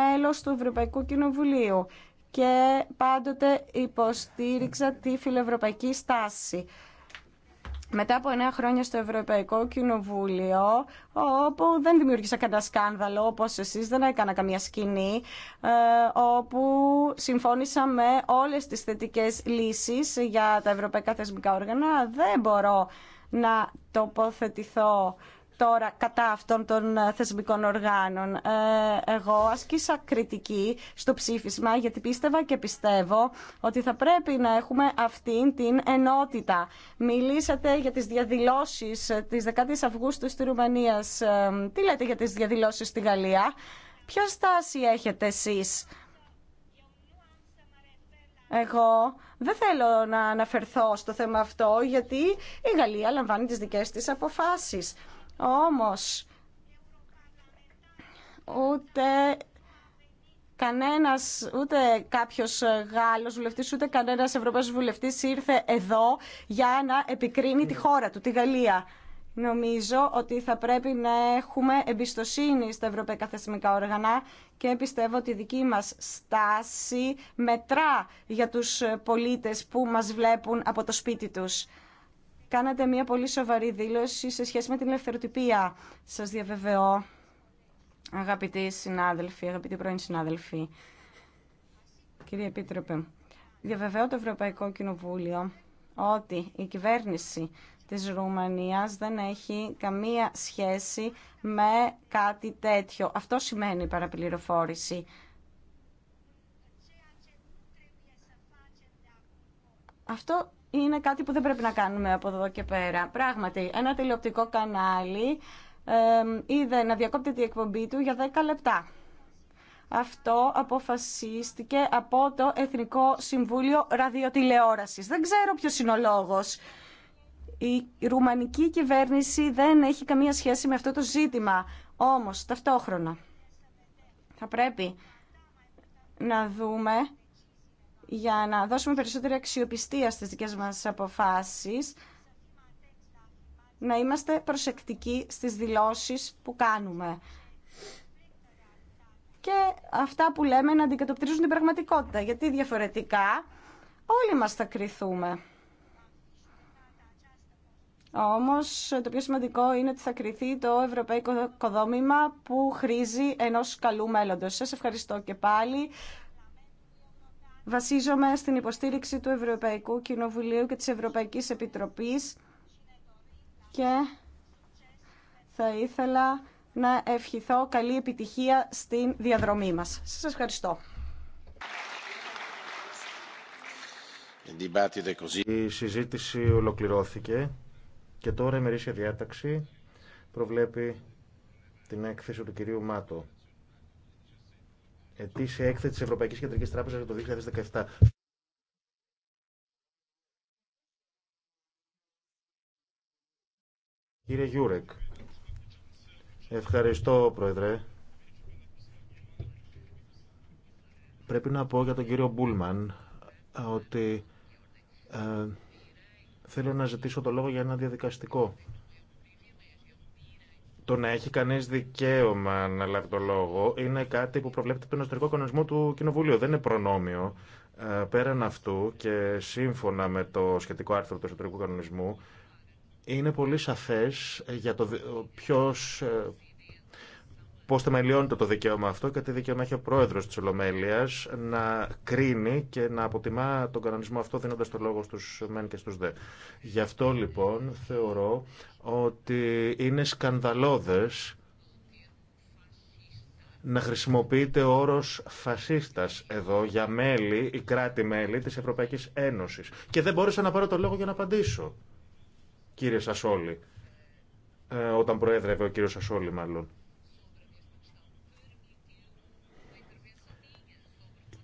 μέλος του Ευρωπαϊκού Κοινοβουλίου και πάντοτε υποστήριξα τη φιλευρωπαϊκή στάση. Μετά από 9 χρόνια στο Ευρωπαϊκό Κοινοβούλιο, όπου δεν δημιούργησα κανένα σκάνδαλο, όπως εσείς δεν έκανα καμία σκηνή, ε, όπου συμφώνησα με όλες τις θετικές λύσεις για τα ευρωπαϊκά θεσμικά όργανα, δεν μπορώ να τοποθετηθώ τώρα κατά αυτών των ε, θεσμικών οργάνων. Ε, εγώ άσκησα κριτική στο ψήφισμα γιατί πίστευα και πιστεύω ότι θα πρέπει να έχουμε αυτήν την ενότητα. Μιλήσατε για τις διαδηλώσεις ε, της 10ης Αυγούστου στη Ρουμανία. Τι λέτε για τις διαδηλώσεις στη Γαλλία. Ποια στάση έχετε εσείς. Εγώ δεν θέλω να αναφερθώ στο θέμα αυτό γιατί η Γαλλία λαμβάνει τις δικές της αποφάσεις. Όμως, ούτε κανένας, ούτε κάποιος Γάλλος βουλευτής, ούτε κανένας Ευρωπαίος βουλευτής ήρθε εδώ για να επικρίνει τη χώρα του, τη Γαλλία. Νομίζω ότι θα πρέπει να έχουμε εμπιστοσύνη στα ευρωπαϊκά θεσμικά όργανα και πιστεύω ότι η δική μας στάση μετρά για τους πολίτες που μας βλέπουν από το σπίτι τους. Κάνατε μια πολύ σοβαρή δήλωση σε σχέση με την ελευθεροτυπία. Σας διαβεβαιώ, αγαπητοί συνάδελφοι, αγαπητοί πρώην συνάδελφοι, κύριε Επίτροπε, διαβεβαιώ το Ευρωπαϊκό Κοινοβούλιο ότι η κυβέρνηση της Ρουμανίας δεν έχει καμία σχέση με κάτι τέτοιο. Αυτό σημαίνει παραπληροφόρηση. Αυτό είναι κάτι που δεν πρέπει να κάνουμε από εδώ και πέρα. Πράγματι, ένα τηλεοπτικό κανάλι είδε να διακόπτεται την εκπομπή του για 10 λεπτά. Αυτό αποφασίστηκε από το Εθνικό Συμβούλιο Ραδιοτηλεόρασης. Δεν ξέρω ποιος είναι ο λόγος. Η ρουμανική κυβέρνηση δεν έχει καμία σχέση με αυτό το ζήτημα. Όμως, ταυτόχρονα, θα πρέπει να δούμε για να δώσουμε περισσότερη αξιοπιστία στις δικές μας αποφάσεις, να είμαστε προσεκτικοί στις δηλώσεις που κάνουμε. Και αυτά που λέμε να αντικατοπτρίζουν την πραγματικότητα, γιατί διαφορετικά όλοι μας θα κριθούμε. Όμως το πιο σημαντικό είναι ότι θα κριθεί το ευρωπαϊκό οικοδόμημα που χρήζει ενός καλού μέλλοντος. Σας ευχαριστώ και πάλι βασίζομαι στην υποστήριξη του Ευρωπαϊκού Κοινοβουλίου και της Ευρωπαϊκής Επιτροπής και θα ήθελα να ευχηθώ καλή επιτυχία στην διαδρομή μας. Σας ευχαριστώ. Η συζήτηση ολοκληρώθηκε και τώρα η μερίσια διάταξη προβλέπει την έκθεση του κυρίου Μάτο ετήσια έκθεση της Ευρωπαϊκής Κεντρικής Τράπεζας για το 2017. Κύριε Γιούρεκ, ευχαριστώ Πρόεδρε. Πρέπει να πω για τον κύριο Μπούλμαν ότι ε, θέλω να ζητήσω το λόγο για ένα διαδικαστικό. Το να έχει κανεί δικαίωμα να λάβει το λόγο είναι κάτι που προβλέπεται από τον εσωτερικό κανονισμό του Κοινοβουλίου. Δεν είναι προνόμιο. Ε, πέραν αυτού και σύμφωνα με το σχετικό άρθρο του εσωτερικού κανονισμού, είναι πολύ σαφέ για το ποιος ε, πώ θεμελιώνεται το δικαίωμα αυτό και τι δικαίωμα έχει ο πρόεδρο τη Ολομέλεια να κρίνει και να αποτιμά τον κανονισμό αυτό, δίνοντα το λόγο στου μεν και στου δε. Γι' αυτό λοιπόν θεωρώ ότι είναι σκανδαλώδε να χρησιμοποιείται ο όρος φασίστας εδώ για μέλη ή κράτη-μέλη της Ευρωπαϊκής Ένωσης. Και δεν μπόρεσα να πάρω το λόγο για να απαντήσω, κύριε Σασόλη. Ε, όταν προέδρευε ο κύριος Σασόλη μάλλον.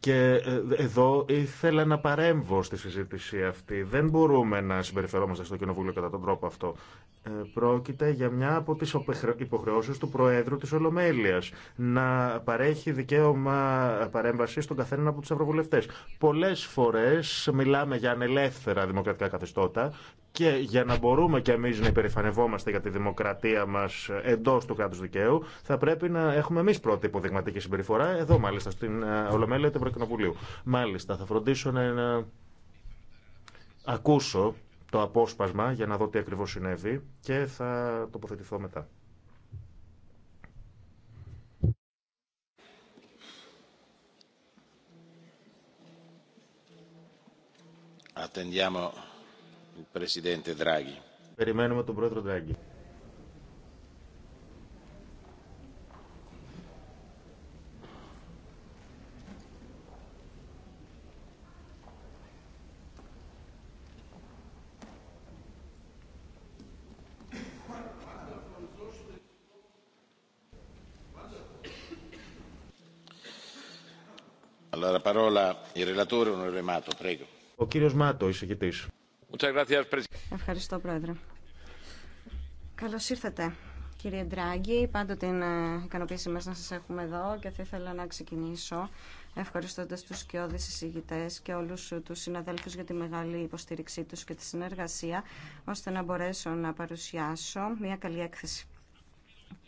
Και ε, εδώ ήθελα να παρέμβω στη συζήτηση αυτή. Δεν μπορούμε να συμπεριφερόμαστε στο Κοινοβούλιο κατά τον τρόπο αυτό. Ε, πρόκειται για μια από τις υποχρεώσεις του Προέδρου της Ολομέλειας να παρέχει δικαίωμα παρέμβασης στον καθένα από τους ευρωβουλευτές. Πολλές φορές μιλάμε για ανελεύθερα δημοκρατικά καθεστώτα και για να μπορούμε κι εμεί να υπερηφανευόμαστε για τη δημοκρατία μα εντό του κράτου δικαίου, θα πρέπει να έχουμε εμεί πρώτη υποδειγματική συμπεριφορά, εδώ μάλιστα, στην ε, Ολομέλεια του Ευρωκοινοβουλίου. Μάλιστα, θα φροντίσω να, ακούσω το απόσπασμα για να δω τι ακριβώς συνέβη και θα τοποθετηθώ μετά. Attendiamo Draghi. Περιμένουμε τον πρόεδρο Ντράγκη. Ο κύριος εισηγητής. Ευχαριστώ, Πρόεδρε. Καλώ ήρθατε, κύριε Ντράγκη. Πάντοτε είναι ικανοποίησή μα να σα έχουμε εδώ και θα ήθελα να ξεκινήσω ευχαριστώντα τους σκιώδει εισηγητέ και όλου του συναδέλφου για τη μεγάλη υποστήριξή του και τη συνεργασία, ώστε να μπορέσω να παρουσιάσω μια καλή έκθεση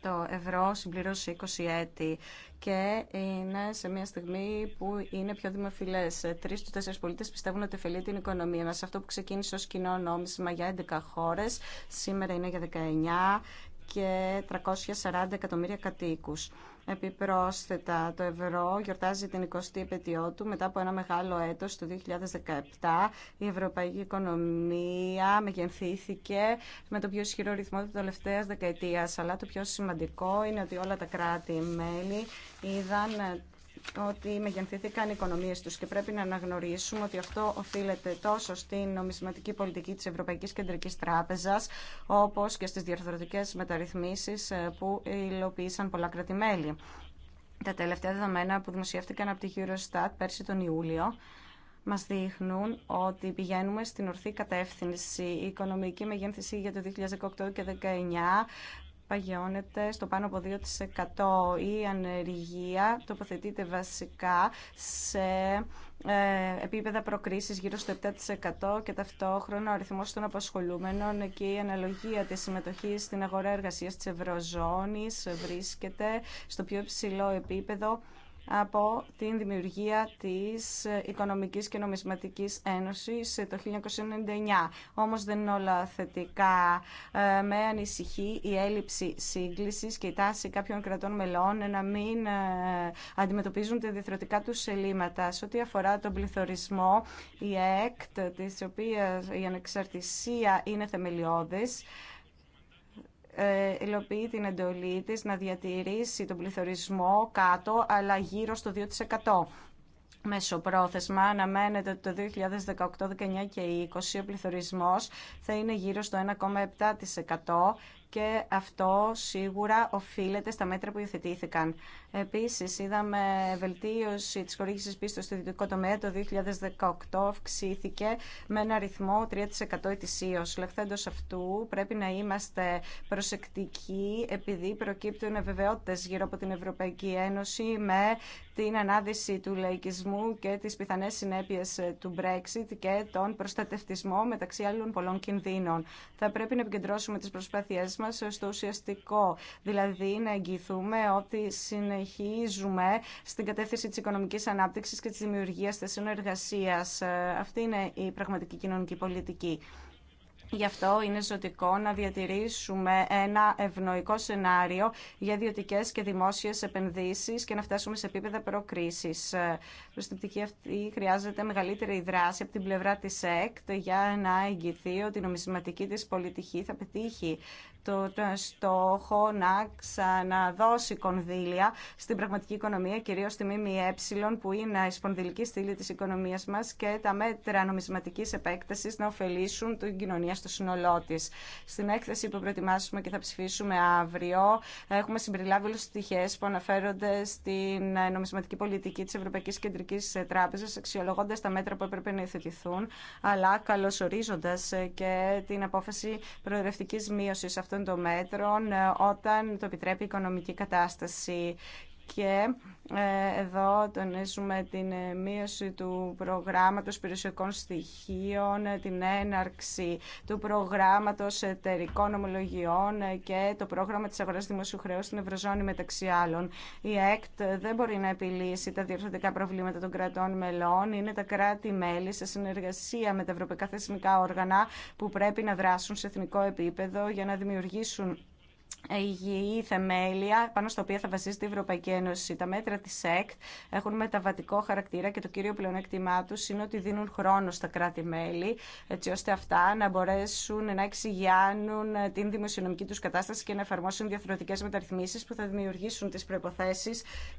το ευρώ συμπληρώσει 20 έτη και είναι σε μια στιγμή που είναι πιο δημοφιλέ. Τρει στου τέσσερι πολίτε πιστεύουν ότι ωφελεί την οικονομία μα. Αυτό που ξεκίνησε ω κοινό νόμισμα για 11 χώρε, σήμερα είναι για 19 και 340 εκατομμύρια κατοίκους. Επιπρόσθετα, το ευρώ γιορτάζει την 20η επαιτειό του μετά από ένα μεγάλο έτος το 2017. Η ευρωπαϊκή οικονομία μεγενθήθηκε με το πιο ισχυρό ρυθμό της τελευταίας δεκαετίας. Αλλά το πιο σημαντικό είναι ότι όλα τα κράτη-μέλη είδαν ότι μεγενθήθηκαν οι οικονομίες τους και πρέπει να αναγνωρίσουμε ότι αυτό οφείλεται τόσο στην νομισματική πολιτική τη Ευρωπαϊκή Κεντρική Τράπεζα, όπω και στι διορθωτικέ μεταρρυθμίσει ε, που υλοποίησαν πολλά κρατημέλη. Τα τελευταία δεδομένα που δημοσιεύτηκαν από τη Eurostat πέρσι τον Ιούλιο μας δείχνουν ότι πηγαίνουμε στην ορθή κατεύθυνση. Η οικονομική μεγένθηση για το 2018 και 2019 παγιώνεται στο πάνω από 2%. Η ανεργία τοποθετείται βασικά σε ε, επίπεδα προκρίσεις γύρω στο 7% και ταυτόχρονα ο αριθμός των απασχολούμενων και η αναλογία της συμμετοχής στην αγορά εργασίας της Ευρωζώνης βρίσκεται στο πιο υψηλό επίπεδο από την δημιουργία της Οικονομικής και Νομισματικής Ένωσης το 1999. Όμως δεν είναι όλα θετικά. Ε, με ανησυχεί η έλλειψη σύγκλησης και η τάση κάποιων κρατών μελών να μην ε, αντιμετωπίζουν τα διεθνωτικά τους ελλείμματα. Σε ό,τι αφορά τον πληθωρισμό, η ΕΕΚΤ, της οποίας η ανεξαρτησία είναι θεμελιώδης, ε, υλοποιεί την εντολή της να διατηρήσει τον πληθωρισμό κάτω αλλά γύρω στο 2%. Μεσοπρόθεσμα αναμένεται ότι το 2018, 19 και 20 ο πληθωρισμός θα είναι γύρω στο 1,7% και αυτό σίγουρα οφείλεται στα μέτρα που υιοθετήθηκαν. Επίση, είδαμε βελτίωση τη χορήγηση πίστος στο ιδιωτικό τομέα το 2018, αυξήθηκε με ένα αριθμό 3% ετησίω. Λεχθέντω αυτού, πρέπει να είμαστε προσεκτικοί, επειδή προκύπτουν βεβαιότητε γύρω από την Ευρωπαϊκή Ένωση με την ανάδυση του λαϊκισμού και τις πιθανές συνέπειες ε, του Brexit και τον προστατευτισμό μεταξύ άλλων πολλών κινδύνων. Θα πρέπει να επικεντρώσουμε τις προσπάθειές μας στο ουσιαστικό, δηλαδή να εγγυηθούμε ότι συνεχίζουμε στην κατεύθυνση της οικονομικής ανάπτυξης και της δημιουργίας θεσίων εργασίας. Ε, αυτή είναι η πραγματική κοινωνική πολιτική. Γι' αυτό είναι ζωτικό να διατηρήσουμε ένα ευνοϊκό σενάριο για ιδιωτικέ και δημόσιε επενδύσει και να φτάσουμε σε επίπεδα προκρίση. Προ την πτυχή αυτή, χρειάζεται μεγαλύτερη δράση από την πλευρά τη ΕΚΤ για να εγγυθεί ότι η νομισματική τη πολιτική θα πετύχει το στόχο να ξαναδώσει κονδύλια στην πραγματική οικονομία, κυρίως στη ΜΜΕ, που είναι η σπονδυλική στήλη της οικονομίας μας και τα μέτρα νομισματικής επέκτασης να ωφελήσουν την κοινωνία στο σύνολό τη. Στην έκθεση που προετοιμάσουμε και θα ψηφίσουμε αύριο, έχουμε συμπεριλάβει όλες τις στοιχείες που αναφέρονται στην νομισματική πολιτική της Ευρωπαϊκής Κεντρικής Τράπεζας, αξιολογώντας τα μέτρα που έπρεπε να υιοθετηθούν, αλλά καλωσορίζοντας και την απόφαση προαιρευτικής μείωσης αυτών των μέτρων ε, όταν το επιτρέπει η οικονομική κατάσταση και ε, εδώ τονίζουμε την ε, μείωση του προγράμματος περιουσιακών στοιχείων, ε, την έναρξη του προγράμματος εταιρικών ομολογιών και το πρόγραμμα της αγοράς δημοσίου χρέους στην Ευρωζώνη μεταξύ άλλων. Η ΕΚΤ δεν μπορεί να επιλύσει τα διορθωτικά προβλήματα των κρατών μελών. Είναι τα κράτη-μέλη σε συνεργασία με τα ευρωπαϊκά θεσμικά όργανα που πρέπει να δράσουν σε εθνικό επίπεδο για να δημιουργήσουν υγιή θεμέλια πάνω στα οποία θα βασίζεται η Ευρωπαϊκή Ένωση. Τα μέτρα τη ΕΚΤ έχουν μεταβατικό χαρακτήρα και το κύριο πλεονέκτημά του είναι ότι δίνουν χρόνο στα κράτη-μέλη έτσι ώστε αυτά να μπορέσουν να εξηγιάνουν την δημοσιονομική του κατάσταση και να εφαρμόσουν διαφορετικέ μεταρρυθμίσει που θα δημιουργήσουν τι προποθέσει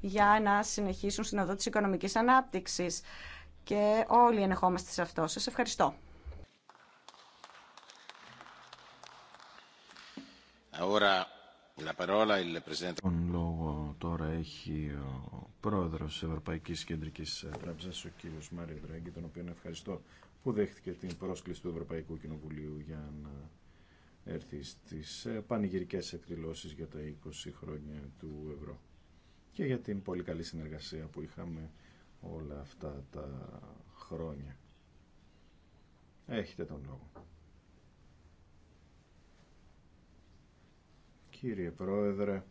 για να συνεχίσουν στην οδό τη οικονομική ανάπτυξη. Και όλοι ενεχόμαστε σε αυτό. Σα ευχαριστώ. Τον λόγο τώρα έχει ο πρόεδρος της Ευρωπαϊκής Κεντρικής Τράπεζας, ο κύριος Μάριο Ντράγκη, τον οποίο ευχαριστώ που δέχτηκε την πρόσκληση του Ευρωπαϊκού Κοινοβουλίου για να έρθει στις ε, πανηγυρικές εκδηλώσεις για τα 20 χρόνια του ευρώ και για την πολύ καλή συνεργασία που είχαμε όλα αυτά τα χρόνια. Έχετε τον λόγο. Κύριε Πρόεδρε,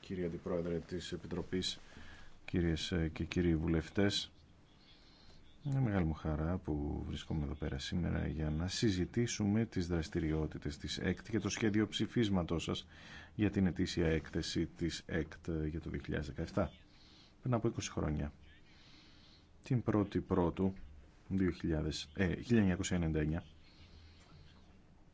κύριε Αντιπρόεδρε της Επιτροπής, κυρίες ε, και κύριοι βουλευτές, είναι μεγάλη μου χαρά που βρίσκομαι εδώ πέρα σήμερα για να συζητήσουμε τις δραστηριότητες της ΕΚΤ και το σχέδιο ψηφίσματός σας για την ετήσια έκθεση της ΕΚΤ για το 2017, πριν από 20 χρόνια. Την 1η Πρώτου 1999 ε,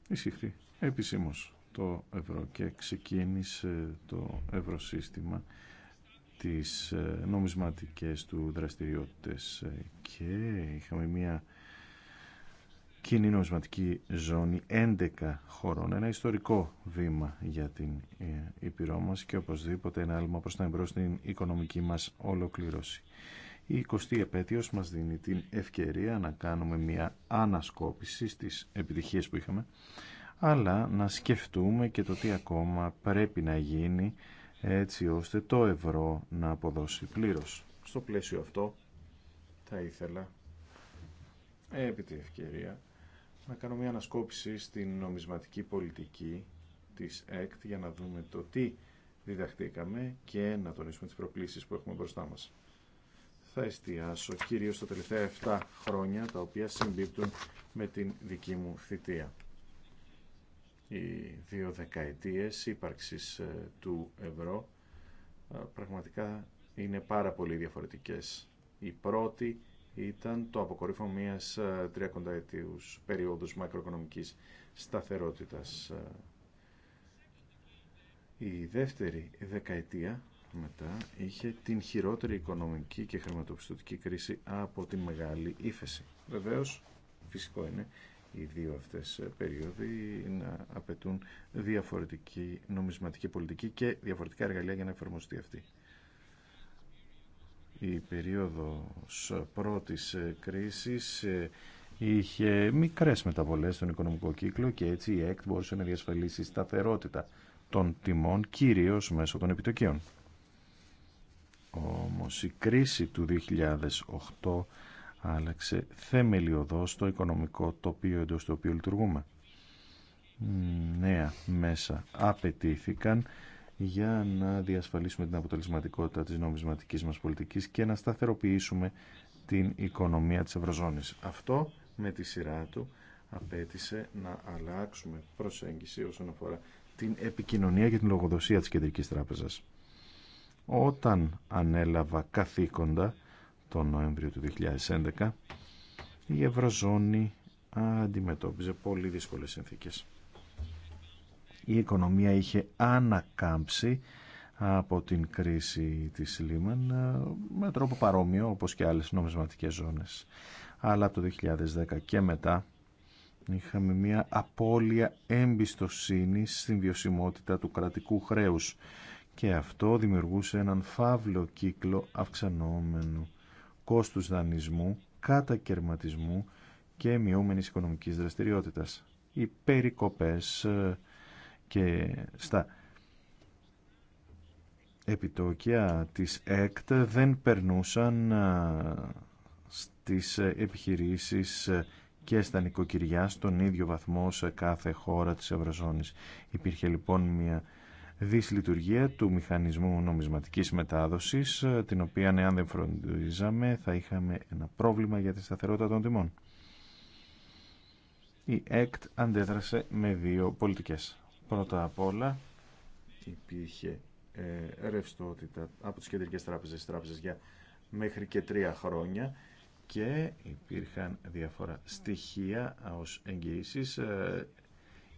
εισήχθη επισήμως το ευρώ και ξεκίνησε το ευρωσύστημα τις ε, νομισματικές του δραστηριότητες ε, και είχαμε μια κοινή νομισματική ζώνη 11 χωρών. Ένα ιστορικό βήμα για την ε, Ήπειρό μας και οπωσδήποτε ένα άλμα προς τα εμπρός στην οικονομική μας ολοκληρώση. Η 20η επέτειος μας δίνει την ευκαιρία να κάνουμε μια ανασκόπηση στις επιτυχίες που είχαμε αλλά να σκεφτούμε και το τι ακόμα πρέπει να γίνει έτσι ώστε το ευρώ να αποδώσει πλήρως. Στο πλαίσιο αυτό θα ήθελα επί τη ευκαιρία να κάνω μια ανασκόπηση στην νομισματική πολιτική της ΕΚΤ για να δούμε το τι διδαχτήκαμε και να τονίσουμε τις προκλήσεις που έχουμε μπροστά μας. Θα εστιάσω κυρίως τα τελευταία 7 χρόνια τα οποία συμπίπτουν με την δική μου θητεία οι δύο δεκαετίες ύπαρξης ε, του ευρώ ε, πραγματικά είναι πάρα πολύ διαφορετικές. Η πρώτη ήταν το αποκορύφωμα μιας ε, τριακονταετίους περίοδους μακροοικονομικής σταθερότητας. Η δεύτερη δεκαετία μετά είχε την χειρότερη οικονομική και χρηματοπιστωτική κρίση από τη μεγάλη ύφεση. Βεβαίως, φυσικό είναι, οι δύο αυτές ε, περίοδοι να απαιτούν διαφορετική νομισματική πολιτική και διαφορετικά εργαλεία για να εφαρμοστεί αυτή. Η περίοδος πρώτης ε, κρίσης ε, είχε μικρές μεταβολές στον οικονομικό κύκλο και έτσι η ΕΚΤ μπορούσε να διασφαλίσει σταθερότητα των τιμών κυρίως μέσω των επιτοκίων. Όμως η κρίση του 2008 άλλαξε θεμελιωδώς το οικονομικό τοπίο εντός του οποίου λειτουργούμε. Νέα μέσα απαιτήθηκαν για να διασφαλίσουμε την αποτελεσματικότητα της νομισματικής μας πολιτικής και να σταθεροποιήσουμε την οικονομία της Ευρωζώνης. Αυτό με τη σειρά του απέτησε να αλλάξουμε προσέγγιση όσον αφορά την επικοινωνία και την λογοδοσία της Κεντρικής Τράπεζας. Όταν ανέλαβα καθήκοντα τον Νοέμβριο του 2011 η Ευρωζώνη αντιμετώπιζε πολύ δύσκολες συνθήκες. Η οικονομία είχε ανακάμψει από την κρίση της Λίμαν ε, με τρόπο παρόμοιο όπως και άλλες νομισματικές ζώνες. Αλλά από το 2010 και μετά είχαμε μια απώλεια εμπιστοσύνη στην βιωσιμότητα του κρατικού χρέους και αυτό δημιουργούσε έναν φαύλο κύκλο αυξανόμενου κόστους δανεισμού, κατακαιρματισμού και μειούμενης οικονομικής δραστηριότητας. Οι περικοπές ε, και στα επιτόκια της ΕΚΤ δεν περνούσαν ε, στις επιχειρήσεις ε, και στα νοικοκυριά στον ίδιο βαθμό σε κάθε χώρα της Ευρωζώνης. Υπήρχε λοιπόν μια δυσλειτουργία του μηχανισμού νομισματικής μετάδοσης, την οποία ναι, αν δεν φροντίζαμε θα είχαμε ένα πρόβλημα για τη σταθερότητα των τιμών. Η ΕΚΤ αντέδρασε με δύο πολιτικές. Πρώτα απ' όλα υπήρχε ε, ρευστότητα από τις κεντρικές τράπεζες στις τράπεζες για μέχρι και τρία χρόνια και υπήρχαν διάφορα στοιχεία ως εγγυήσεις ε,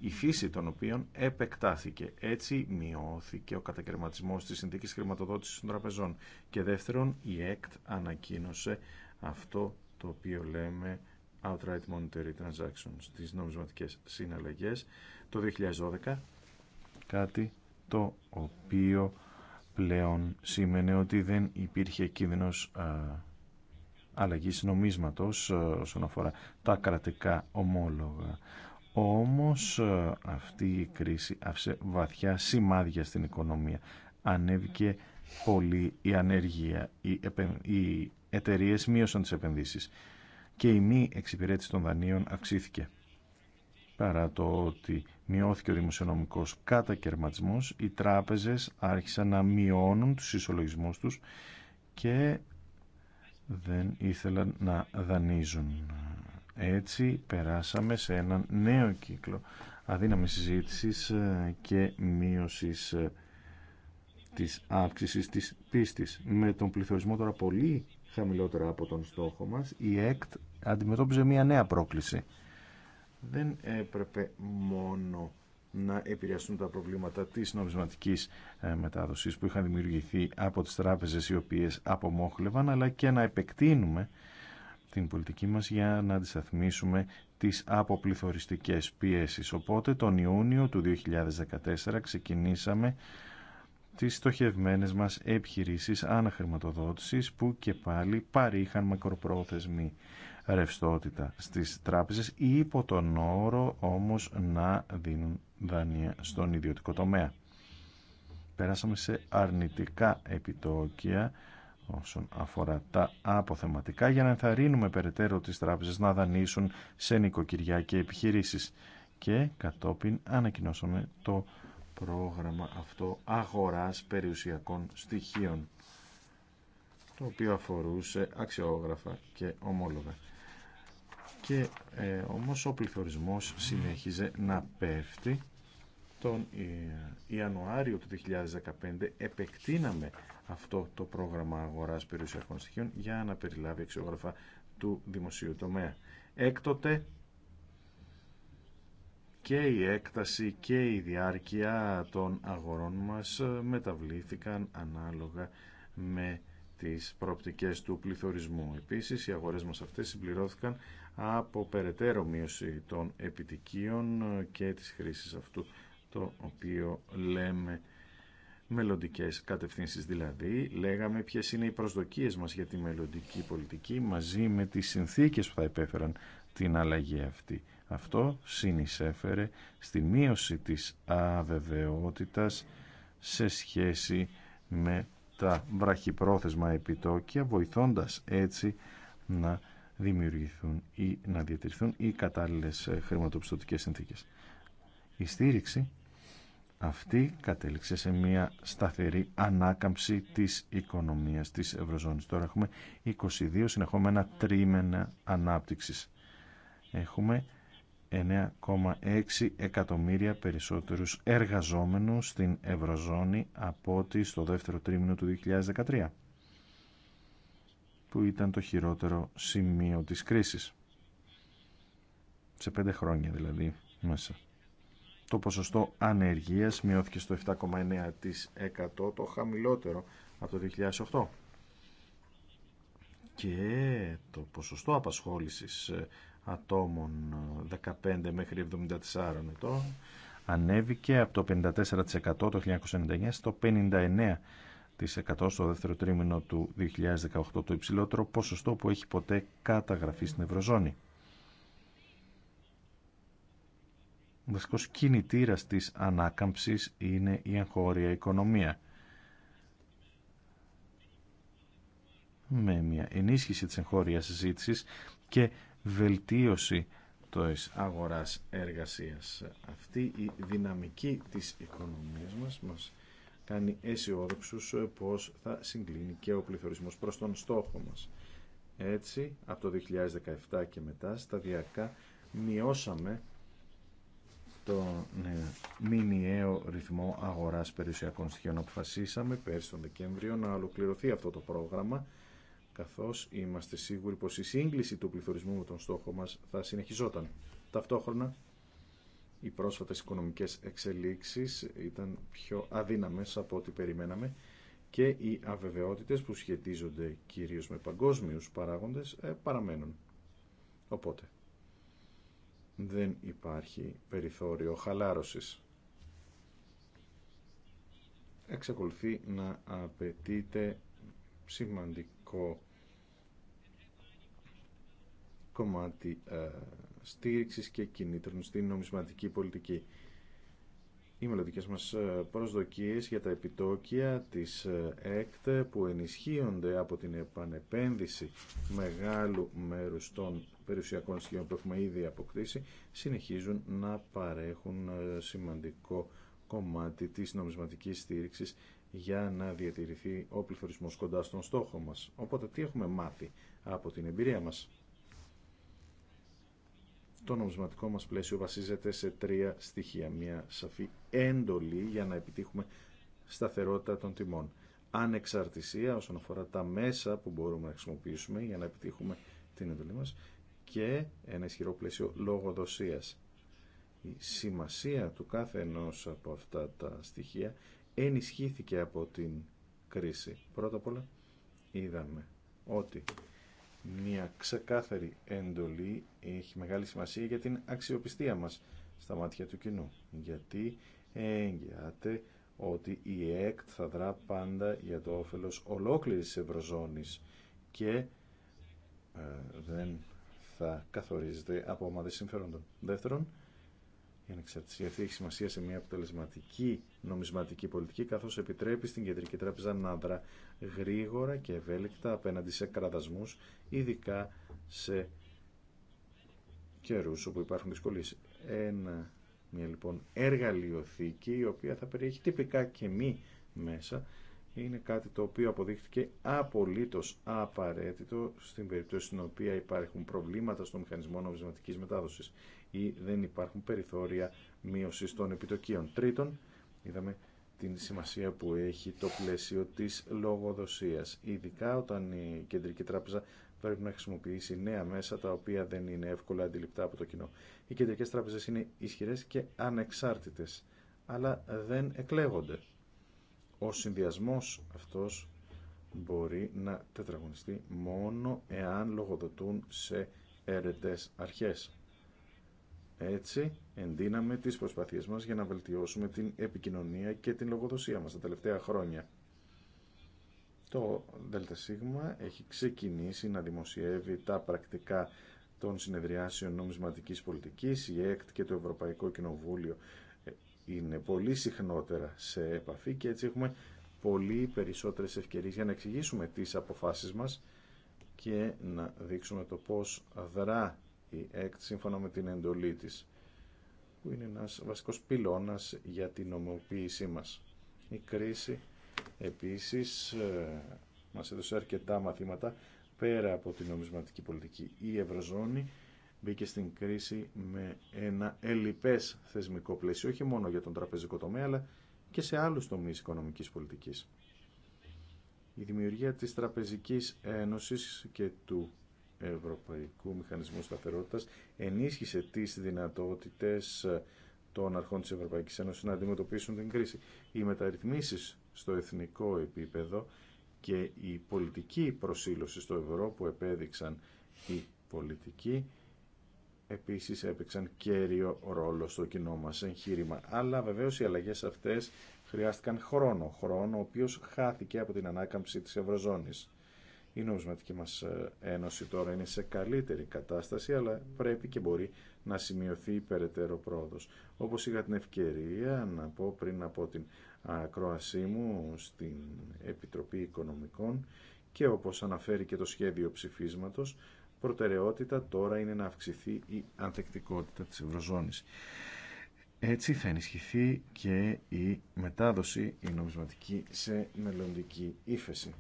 η φύση των οποίων επεκτάθηκε. Έτσι μειώθηκε ο κατακαιρματισμός της συνθήκης χρηματοδότησης των τραπεζών. Και δεύτερον, η ΕΚΤ ανακοίνωσε αυτό το οποίο λέμε outright monetary transactions, τις νομισματικές συναλλαγές, το 2012, κάτι το οποίο πλέον σήμαινε ότι δεν υπήρχε κίνδυνος αλλαγής νομίσματος όσον αφορά τα κρατικά ομόλογα. Όμως ε, αυτή η κρίση άφησε βαθιά σημάδια στην οικονομία. Ανέβηκε πολύ η ανεργία, οι, επεν... οι εταιρείε μείωσαν τις επενδύσεις και η μη εξυπηρέτηση των δανείων αυξήθηκε. Παρά το ότι μειώθηκε ο δημοσιονομικός κατακαιρματισμός, οι τράπεζες άρχισαν να μειώνουν τους ισολογισμούς τους και δεν ήθελαν να δανείζουν. Έτσι περάσαμε σε έναν νέο κύκλο αδύναμης συζήτηση ε, και μείωσης ε, της αύξησης της πίστης. Με τον πληθωρισμό τώρα πολύ χαμηλότερα από τον στόχο μας, η ΕΚΤ αντιμετώπιζε μια νέα πρόκληση. Δεν έπρεπε μόνο να επηρεαστούν τα προβλήματα της νομισματικής ε, μετάδοσης που είχαν δημιουργηθεί από τις τράπεζες οι οποίες απομόχλευαν, αλλά και να επεκτείνουμε την πολιτική μας για να αντισταθμίσουμε τις αποπληθωριστικές πιέσεις. Οπότε τον Ιούνιο του 2014 ξεκινήσαμε τις στοχευμένες μας επιχειρήσεις αναχρηματοδότησης που και πάλι παρήχαν μακροπρόθεσμη ρευστότητα στις τράπεζες υπό τον όρο όμως να δίνουν δάνεια στον ιδιωτικό τομέα. Περάσαμε σε αρνητικά επιτόκια όσον αφορά τα αποθεματικά για να ενθαρρύνουμε περαιτέρω τις τράπεζες να δανείσουν σε νοικοκυριά και επιχειρήσεις και κατόπιν ανακοινώσαμε το πρόγραμμα αυτό αγοράς περιουσιακών στοιχείων το οποίο αφορούσε αξιόγραφα και ομόλογα και ε, όμως ο πληθωρισμός συνέχιζε να πέφτει τον ε, Ιανουάριο του 2015 επεκτείναμε αυτό το πρόγραμμα αγοράς περιουσιακών στοιχείων για να περιλάβει αξιόγραφα του δημοσίου τομέα. Έκτοτε και η έκταση και η διάρκεια των αγορών μας ε, μεταβλήθηκαν ανάλογα με τις προοπτικές του πληθωρισμού. Επίσης, οι αγορές μας αυτές συμπληρώθηκαν από περαιτέρω μείωση των επιτικίων ε, και της χρήσης αυτού το οποίο λέμε μελλοντικέ κατευθύνσει δηλαδή. Λέγαμε ποιε είναι οι προσδοκίε μα για τη μελλοντική πολιτική μαζί με τι συνθήκε που θα επέφεραν την αλλαγή αυτή. Αυτό συνεισέφερε στη μείωση της αβεβαιότητας σε σχέση με τα βραχυπρόθεσμα επιτόκια, βοηθώντας έτσι να δημιουργηθούν ή να διατηρηθούν οι κατάλληλες χρηματοπιστωτικές συνθήκες. Η στήριξη αυτή κατέληξε σε μια σταθερή ανάκαμψη της οικονομίας της Ευρωζώνης. Τώρα έχουμε 22 συνεχόμενα τρίμενα ανάπτυξης. Έχουμε 9,6 εκατομμύρια περισσότερους εργαζόμενους στην Ευρωζώνη από ότι στο δεύτερο τρίμηνο του 2013 που ήταν το χειρότερο σημείο της κρίσης. Σε πέντε χρόνια δηλαδή μέσα το ποσοστό ανεργίας μειώθηκε στο 7,9% το χαμηλότερο από το 2008 και το ποσοστό απασχόλησης ε, ατόμων 15 ε, μέχρι 74 ετών ανέβηκε από το 54% το 1999 στο 59% στο δεύτερο τρίμηνο του 2018 το υψηλότερο ποσοστό που έχει ποτέ καταγραφεί στην Ευρωζώνη. Ο βασικός κινητήρας της ανάκαμψης είναι η εγχώρια οικονομία. Με μια ενίσχυση της εγχώρια συζήτησης και βελτίωση της αγοράς εργασίας. Αυτή η δυναμική της οικονομίας μας μας κάνει αισιόδοξου πως θα συγκλίνει και ο πληθωρισμός προς τον στόχο μας. Έτσι, από το 2017 και μετά, σταδιακά μειώσαμε το ναι, μηνιαίο ρυθμό αγοράς περιουσιακών στοιχείων. Αποφασίσαμε πέρσι τον Δεκέμβριο να ολοκληρωθεί αυτό το πρόγραμμα καθώς είμαστε σίγουροι πως η σύγκληση του πληθωρισμού με τον στόχο μας θα συνεχιζόταν. Ταυτόχρονα, οι πρόσφατες οικονομικές εξελίξεις ήταν πιο αδύναμες από ό,τι περιμέναμε και οι αβεβαιότητες που σχετίζονται κυρίως με παγκόσμιους παράγοντες ε, παραμένουν. Οπότε, δεν υπάρχει περιθώριο χαλάρωσης. Εξακολουθεί να απαιτείται σημαντικό κομμάτι ε, στήριξης και κινήτρων στην νομισματική πολιτική. Οι μελλοντικέ μας ε, προσδοκίες για τα επιτόκια της ε, ΕΚΤ που ενισχύονται από την επανεπένδυση μεγάλου μέρους των περιουσιακών στοιχείων που έχουμε ήδη αποκτήσει συνεχίζουν να παρέχουν ε, σημαντικό κομμάτι της νομισματικής στήριξης για να διατηρηθεί ο πληθωρισμός κοντά στον στόχο μας. Οπότε τι έχουμε μάθει από την εμπειρία μας. Το νομισματικό μας πλαίσιο βασίζεται σε τρία στοιχεία. Μια σαφή έντολη για να επιτύχουμε σταθερότητα των τιμών. Ανεξαρτησία όσον αφορά τα μέσα που μπορούμε να χρησιμοποιήσουμε για να επιτύχουμε την έντολη μας και ένα ισχυρό πλαίσιο λογοδοσίας. Η σημασία του κάθε ενός από αυτά τα στοιχεία ενισχύθηκε από την κρίση. Πρώτα απ' όλα είδαμε ότι μια ξεκάθαρη εντολή έχει μεγάλη σημασία για την αξιοπιστία μας στα μάτια του κοινού. Γιατί εγγυάται ότι η ΕΚΤ θα δρά πάντα για το όφελος ολόκληρης Ευρωζώνης και ε, δεν θα καθορίζεται από ομάδες συμφερόντων. Δεύτερον, η ανεξαρτησία αυτή έχει σημασία σε μια αποτελεσματική νομισματική πολιτική, καθώ επιτρέπει στην Κεντρική Τράπεζα να δρά γρήγορα και ευέλικτα απέναντι σε κραδασμού, ειδικά σε καιρού όπου υπάρχουν δυσκολίε. Ένα, μια λοιπόν εργαλειοθήκη, η οποία θα περιέχει τυπικά και μη μέσα είναι κάτι το οποίο αποδείχτηκε απολύτως απαραίτητο στην περίπτωση στην οποία υπάρχουν προβλήματα στο μηχανισμό νομισματικής μετάδοσης ή δεν υπάρχουν περιθώρια μείωσης των επιτοκίων. Τρίτον, είδαμε την σημασία που έχει το πλαίσιο της λογοδοσίας, ειδικά όταν η Κεντρική Τράπεζα πρέπει να χρησιμοποιήσει νέα μέσα τα οποία δεν είναι εύκολα αντιληπτά από το κοινό. Οι κεντρικές τράπεζες είναι ισχυρές και ανεξάρτητες, αλλά δεν εκλέγονται. Ο συνδυασμός αυτός μπορεί να τετραγωνιστεί μόνο εάν λογοδοτούν σε έρετες αρχές. Έτσι, εντείναμε τις προσπάθειες μας για να βελτιώσουμε την επικοινωνία και την λογοδοσία μας τα τελευταία χρόνια. Το ΔΣ έχει ξεκινήσει να δημοσιεύει τα πρακτικά των συνεδριάσεων νομισματικής πολιτικής, η ΕΚΤ και το Ευρωπαϊκό Κοινοβούλιο είναι πολύ συχνότερα σε επαφή και έτσι έχουμε πολύ περισσότερες ευκαιρίες για να εξηγήσουμε τις αποφάσεις μας και να δείξουμε το πώς δρά η ΕΚΤ σύμφωνα με την εντολή της που είναι ένας βασικός πυλώνας για την νομοποίησή μας. Η κρίση επίσης ε, μας έδωσε αρκετά μαθήματα πέρα από την νομισματική πολιτική. Η Ευρωζώνη μπήκε στην κρίση με ένα ελλειπές θεσμικό πλαίσιο, όχι μόνο για τον τραπεζικό τομέα, αλλά και σε άλλους τομείς οικονομικής πολιτικής. Η δημιουργία της Τραπεζικής Ένωσης και του Ευρωπαϊκού Μηχανισμού Σταθερότητας ενίσχυσε τις δυνατότητες των αρχών της Ευρωπαϊκής Ένωσης να αντιμετωπίσουν την κρίση. Οι μεταρρυθμίσεις στο εθνικό επίπεδο και η πολιτική προσήλωση στο ευρώ που επέδειξαν οι πολιτικοί επίσης έπαιξαν κέριο ρόλο στο κοινό μας εγχείρημα. Αλλά βεβαίως οι αλλαγές αυτές χρειάστηκαν χρόνο, χρόνο ο οποίος χάθηκε από την ανάκαμψη της Ευρωζώνης. Η νομισματική μας ε, ένωση τώρα είναι σε καλύτερη κατάσταση, αλλά πρέπει και μπορεί να σημειωθεί υπεραιτέρω πρόοδος. Όπως είχα την ευκαιρία να πω πριν από την ακρόασή μου στην Επιτροπή Οικονομικών και όπως αναφέρει και το σχέδιο ψηφίσματος, προτεραιότητα τώρα είναι να αυξηθεί η ανθεκτικότητα της Ευρωζώνης. Έτσι θα ενισχυθεί και η μετάδοση η νομισματική σε μελλοντική ύφεση.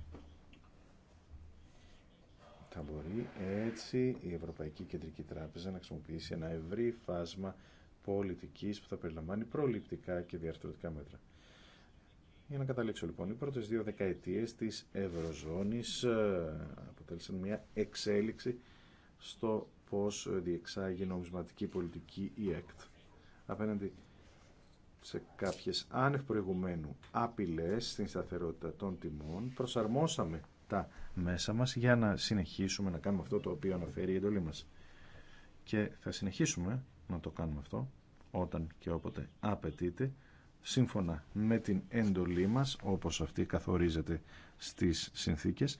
Θα μπορεί έτσι η Ευρωπαϊκή Κεντρική Τράπεζα να χρησιμοποιήσει ένα ευρύ φάσμα πολιτικής που θα περιλαμβάνει προληπτικά και διαρθρωτικά μέτρα. Για να καταλήξω λοιπόν, οι πρώτες δύο δεκαετίες της Ευρωζώνης ε, αποτέλεσαν μια εξέλιξη στο πώς διεξάγει νομισματική πολιτική η ΕΚΤ απέναντι σε κάποιες άνευ προηγουμένου απειλές στην σταθερότητα των τιμών προσαρμόσαμε τα μέσα μας για να συνεχίσουμε να κάνουμε αυτό το οποίο αναφέρει η εντολή μας και θα συνεχίσουμε να το κάνουμε αυτό όταν και όποτε απαιτείται σύμφωνα με την εντολή μας όπως αυτή καθορίζεται στις συνθήκες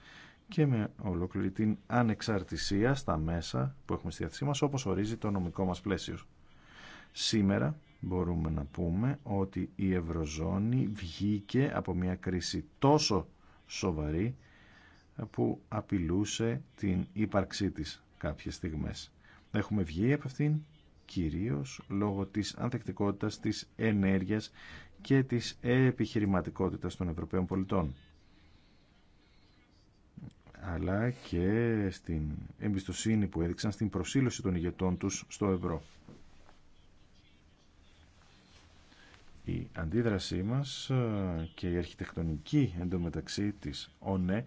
και με ολόκληρη την ανεξαρτησία στα μέσα που έχουμε στη διάθεσή μας όπως ορίζει το νομικό μας πλαίσιο. Σήμερα μπορούμε να πούμε ότι η Ευρωζώνη βγήκε από μια κρίση τόσο σοβαρή που απειλούσε την ύπαρξή της κάποιες στιγμές. Έχουμε βγει από αυτήν κυρίως λόγω της ανθεκτικότητας, της ενέργειας και της επιχειρηματικότητας των Ευρωπαίων πολιτών αλλά και στην εμπιστοσύνη που έδειξαν στην προσήλωση των ηγετών τους στο ευρώ. Η αντίδρασή μας ε, και η αρχιτεκτονική εντωμεταξύ της ΟΝΕ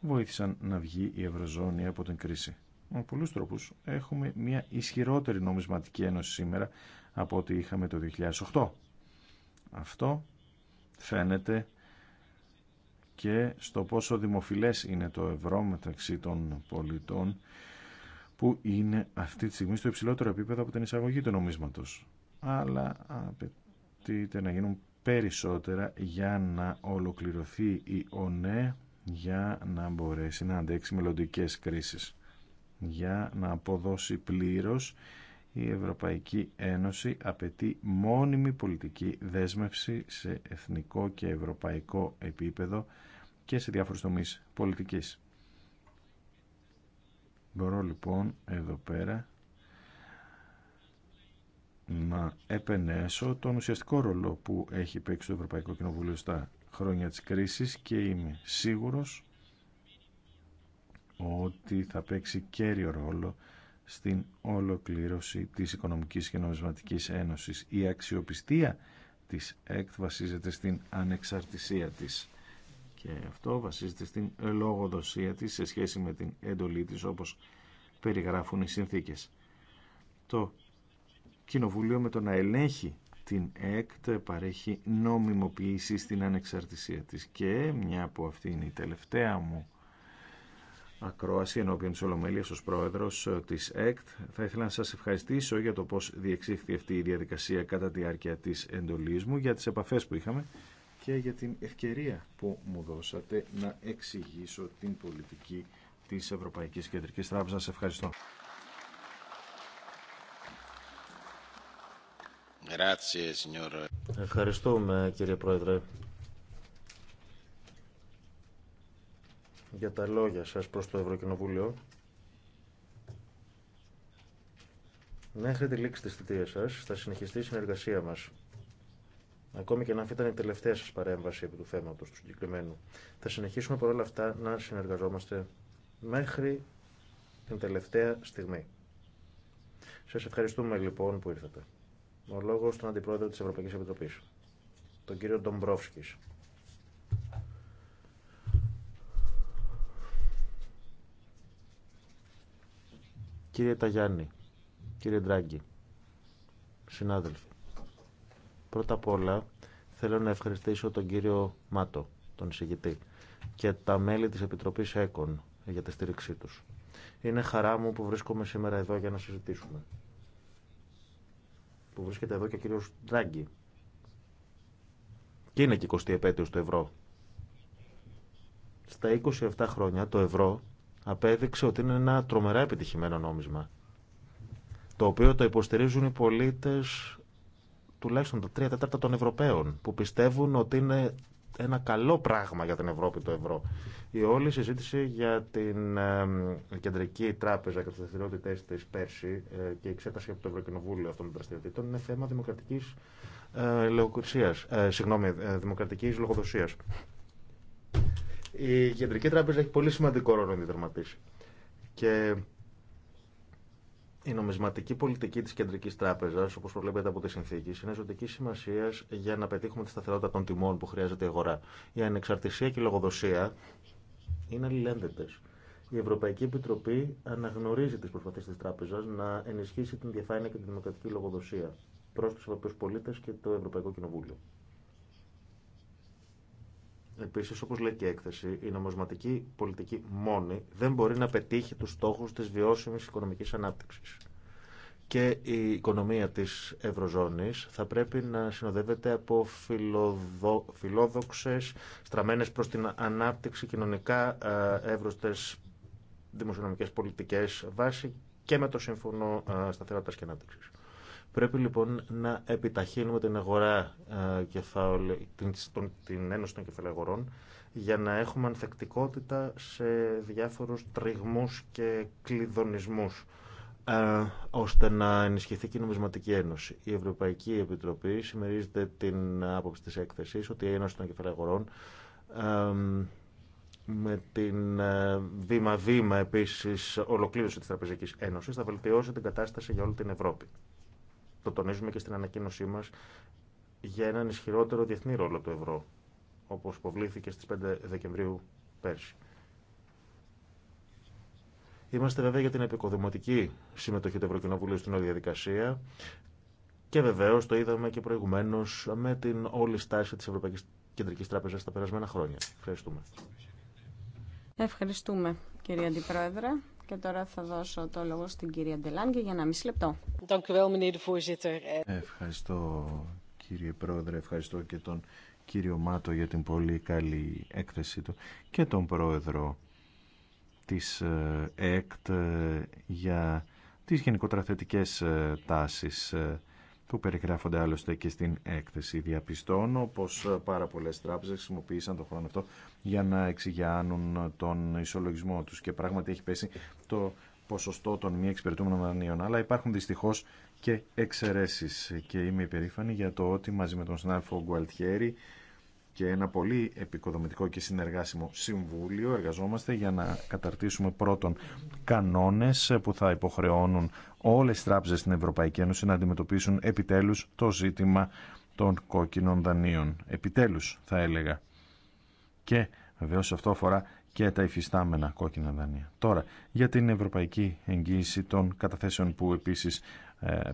βοήθησαν να βγει η Ευρωζώνη από την κρίση. Με πολλούς τρόπους έχουμε μια ισχυρότερη νομισματική ένωση σήμερα από ό,τι είχαμε το 2008. Αυτό φαίνεται και στο πόσο δημοφιλές είναι το ευρώ μεταξύ των πολιτών που είναι αυτή τη στιγμή στο υψηλότερο επίπεδο από την εισαγωγή του νομίσματος. Αλλά απαιτείται να γίνουν περισσότερα για να ολοκληρωθεί η ΟΝΕ για να μπορέσει να αντέξει μελλοντικέ κρίσεις για να αποδώσει πλήρως η Ευρωπαϊκή Ένωση απαιτεί μόνιμη πολιτική δέσμευση σε εθνικό και ευρωπαϊκό επίπεδο και σε διάφορους τομείς πολιτικής. Μπορώ λοιπόν εδώ πέρα να επενέσω τον ουσιαστικό ρόλο που έχει παίξει το Ευρωπαϊκό Κοινοβούλιο στα χρόνια της κρίσης και είμαι σίγουρος ότι θα παίξει κέριο ρόλο στην ολοκλήρωση της Οικονομικής και Νομισματικής Ένωσης. Η αξιοπιστία της ΕΚΤ βασίζεται στην ανεξαρτησία της και αυτό βασίζεται στην λόγοδοσία της σε σχέση με την έντολή της όπως περιγράφουν οι συνθήκες. Το Κοινοβούλιο με το να ελέγχει την ΕΚΤ παρέχει νόμιμοποίηση στην ανεξαρτησία της και μια από αυτή είναι η τελευταία μου ακρόαση ενώπιον τη Ολομέλεια ω πρόεδρο ε, τη ΕΚΤ. Θα ήθελα να σα ευχαριστήσω για το πώ διεξήχθη αυτή η διαδικασία κατά τη διάρκεια τη εντολή μου, για τι επαφέ που είχαμε και για την ευκαιρία που μου δώσατε να εξηγήσω την πολιτική της Ευρωπαϊκής Κεντρικής Τράπεζας. Σας ευχαριστώ. Ευχαριστούμε κύριε Πρόεδρε. για τα λόγια σας προς το Ευρωκοινοβούλιο. Μέχρι τη λήξη της θητείας σας θα συνεχιστεί η συνεργασία μας. Ακόμη και να αυτή ήταν η τελευταία σας παρέμβαση επί του θέματος του συγκεκριμένου. Θα συνεχίσουμε παρόλα αυτά να συνεργαζόμαστε μέχρι την τελευταία στιγμή. Σας ευχαριστούμε λοιπόν που ήρθατε. Ο λόγος στον Αντιπρόεδρο της Ευρωπαϊκής Επιτροπής, τον κύριο Ντομπρόφσκης. Κύριε Ταγιάννη, κύριε Ντράγκη, συνάδελφοι, πρώτα απ' όλα θέλω να ευχαριστήσω τον κύριο Μάτο, τον εισηγητή, και τα μέλη της Επιτροπής ΕΚΟΝ για τη στήριξή τους. Είναι χαρά μου που βρίσκομαι σήμερα εδώ για να συζητήσουμε. Που βρίσκεται εδώ και ο κύριος Ντράγκη. Και είναι και 20η επέτειος ευρώ. Στα 27 χρόνια το ευρώ απέδειξε ότι είναι ένα τρομερά επιτυχημένο νόμισμα, το οποίο το υποστηρίζουν οι πολίτες τουλάχιστον τα τρία τέταρτα των Ευρωπαίων, που πιστεύουν ότι είναι ένα καλό πράγμα για την Ευρώπη το ευρώ. Η όλη συζήτηση για την Κεντρική Τράπεζα και τι δραστηριότητε τη πέρσι ε, και η εξέταση από το Ευρωκοινοβούλιο αυτών των δραστηριοτήτων είναι θέμα δημοκρατική ε, ε, ε δημοκρατική λογοδοσία. Η Κεντρική Τράπεζα έχει πολύ σημαντικό ρόλο να διδραματίσει. Και η νομισματική πολιτική τη Κεντρική Τράπεζα, όπω προβλέπεται από τη συνθήκη, είναι ζωτική σημασία για να πετύχουμε τη σταθερότητα των τιμών που χρειάζεται η αγορά. Η ανεξαρτησία και η λογοδοσία είναι αλληλένδετε. Η Ευρωπαϊκή Επιτροπή αναγνωρίζει τι προσπαθίε τη Τράπεζα να ενισχύσει την διαφάνεια και τη δημοκρατική λογοδοσία προ του Ευρωπαίου πολίτε και το Ευρωπαϊκό Κοινοβούλιο. Επίση, όπω λέει και η έκθεση, η νομοσματική πολιτική μόνη δεν μπορεί να πετύχει του στόχου τη βιώσιμη οικονομική ανάπτυξη. Και η οικονομία τη Ευρωζώνη θα πρέπει να συνοδεύεται από φιλοδο... φιλόδοξε, στραμμένε προ την ανάπτυξη κοινωνικά ε, εύρωστε δημοσιονομικέ πολιτικέ βάση και με το Σύμφωνο ε, Σταθερότητα και Ανάπτυξη. Πρέπει λοιπόν να επιταχύνουμε την αγορά ε, την, την ένωση των κεφαλαίων για να έχουμε ανθεκτικότητα σε διάφορους τριγμούς και κλειδονισμούς ε, ώστε να ενισχυθεί και η νομισματική ένωση. Η Ευρωπαϊκή Επιτροπή συμμερίζεται την άποψη της έκθεσης ότι η Ένωση των Κεφαλαγορών με την ε, βήμα-βήμα επίσης ολοκλήρωση της Τραπεζικής Ένωσης θα βελτιώσει την κατάσταση για όλη την Ευρώπη. Το τονίζουμε και στην ανακοίνωσή μα για έναν ισχυρότερο διεθνή ρόλο του ευρώ, όπω υποβλήθηκε στι 5 Δεκεμβρίου πέρσι. Είμαστε βέβαια για την επικοδημοτική συμμετοχή του Ευρωκοινοβουλίου στην όλη διαδικασία και βεβαίω το είδαμε και προηγουμένω με την όλη στάση τη Ευρωπαϊκή Κεντρική Τράπεζα τα περασμένα χρόνια. Ευχαριστούμε. Ευχαριστούμε, κύριε Αντιπρόεδρε. Και τώρα θα δώσω το λόγο στην κυρία Ντελάνγκη για ένα μισή λεπτό. Ε, ευχαριστώ κύριε Πρόεδρε, ευχαριστώ και τον κύριο Μάτο για την πολύ καλή έκθεση του και τον Πρόεδρο της ε, ΕΚΤ ε, για τις γενικότερα θετικές τάσεις που περιγράφονται άλλωστε και στην έκθεση. Διαπιστώνω πως ε, πάρα πολλές τράπεζες χρησιμοποίησαν τον χρόνο αυτό για να εξηγιάνουν τον ισολογισμό τους και πράγματι έχει πέσει το ποσοστό των μη εξυπηρετούμενων δανείων. Αλλά υπάρχουν δυστυχώς και εξαιρέσει και είμαι υπερήφανη για το ότι μαζί με τον συνάδελφο Γκουαλτιέρη και ένα πολύ επικοδομητικό και συνεργάσιμο συμβούλιο εργαζόμαστε για να καταρτήσουμε πρώτον κανόνες που θα υποχρεώνουν όλες τις τράπεζες στην Ευρωπαϊκή Ένωση να αντιμετωπίσουν επιτέλους το ζήτημα των κόκκινων δανείων. Επιτέλους θα έλεγα. Και βεβαίω αυτό αφορά και τα υφιστάμενα κόκκινα δανεία. Τώρα, για την ευρωπαϊκή εγγύηση των καταθέσεων που επίσης ε,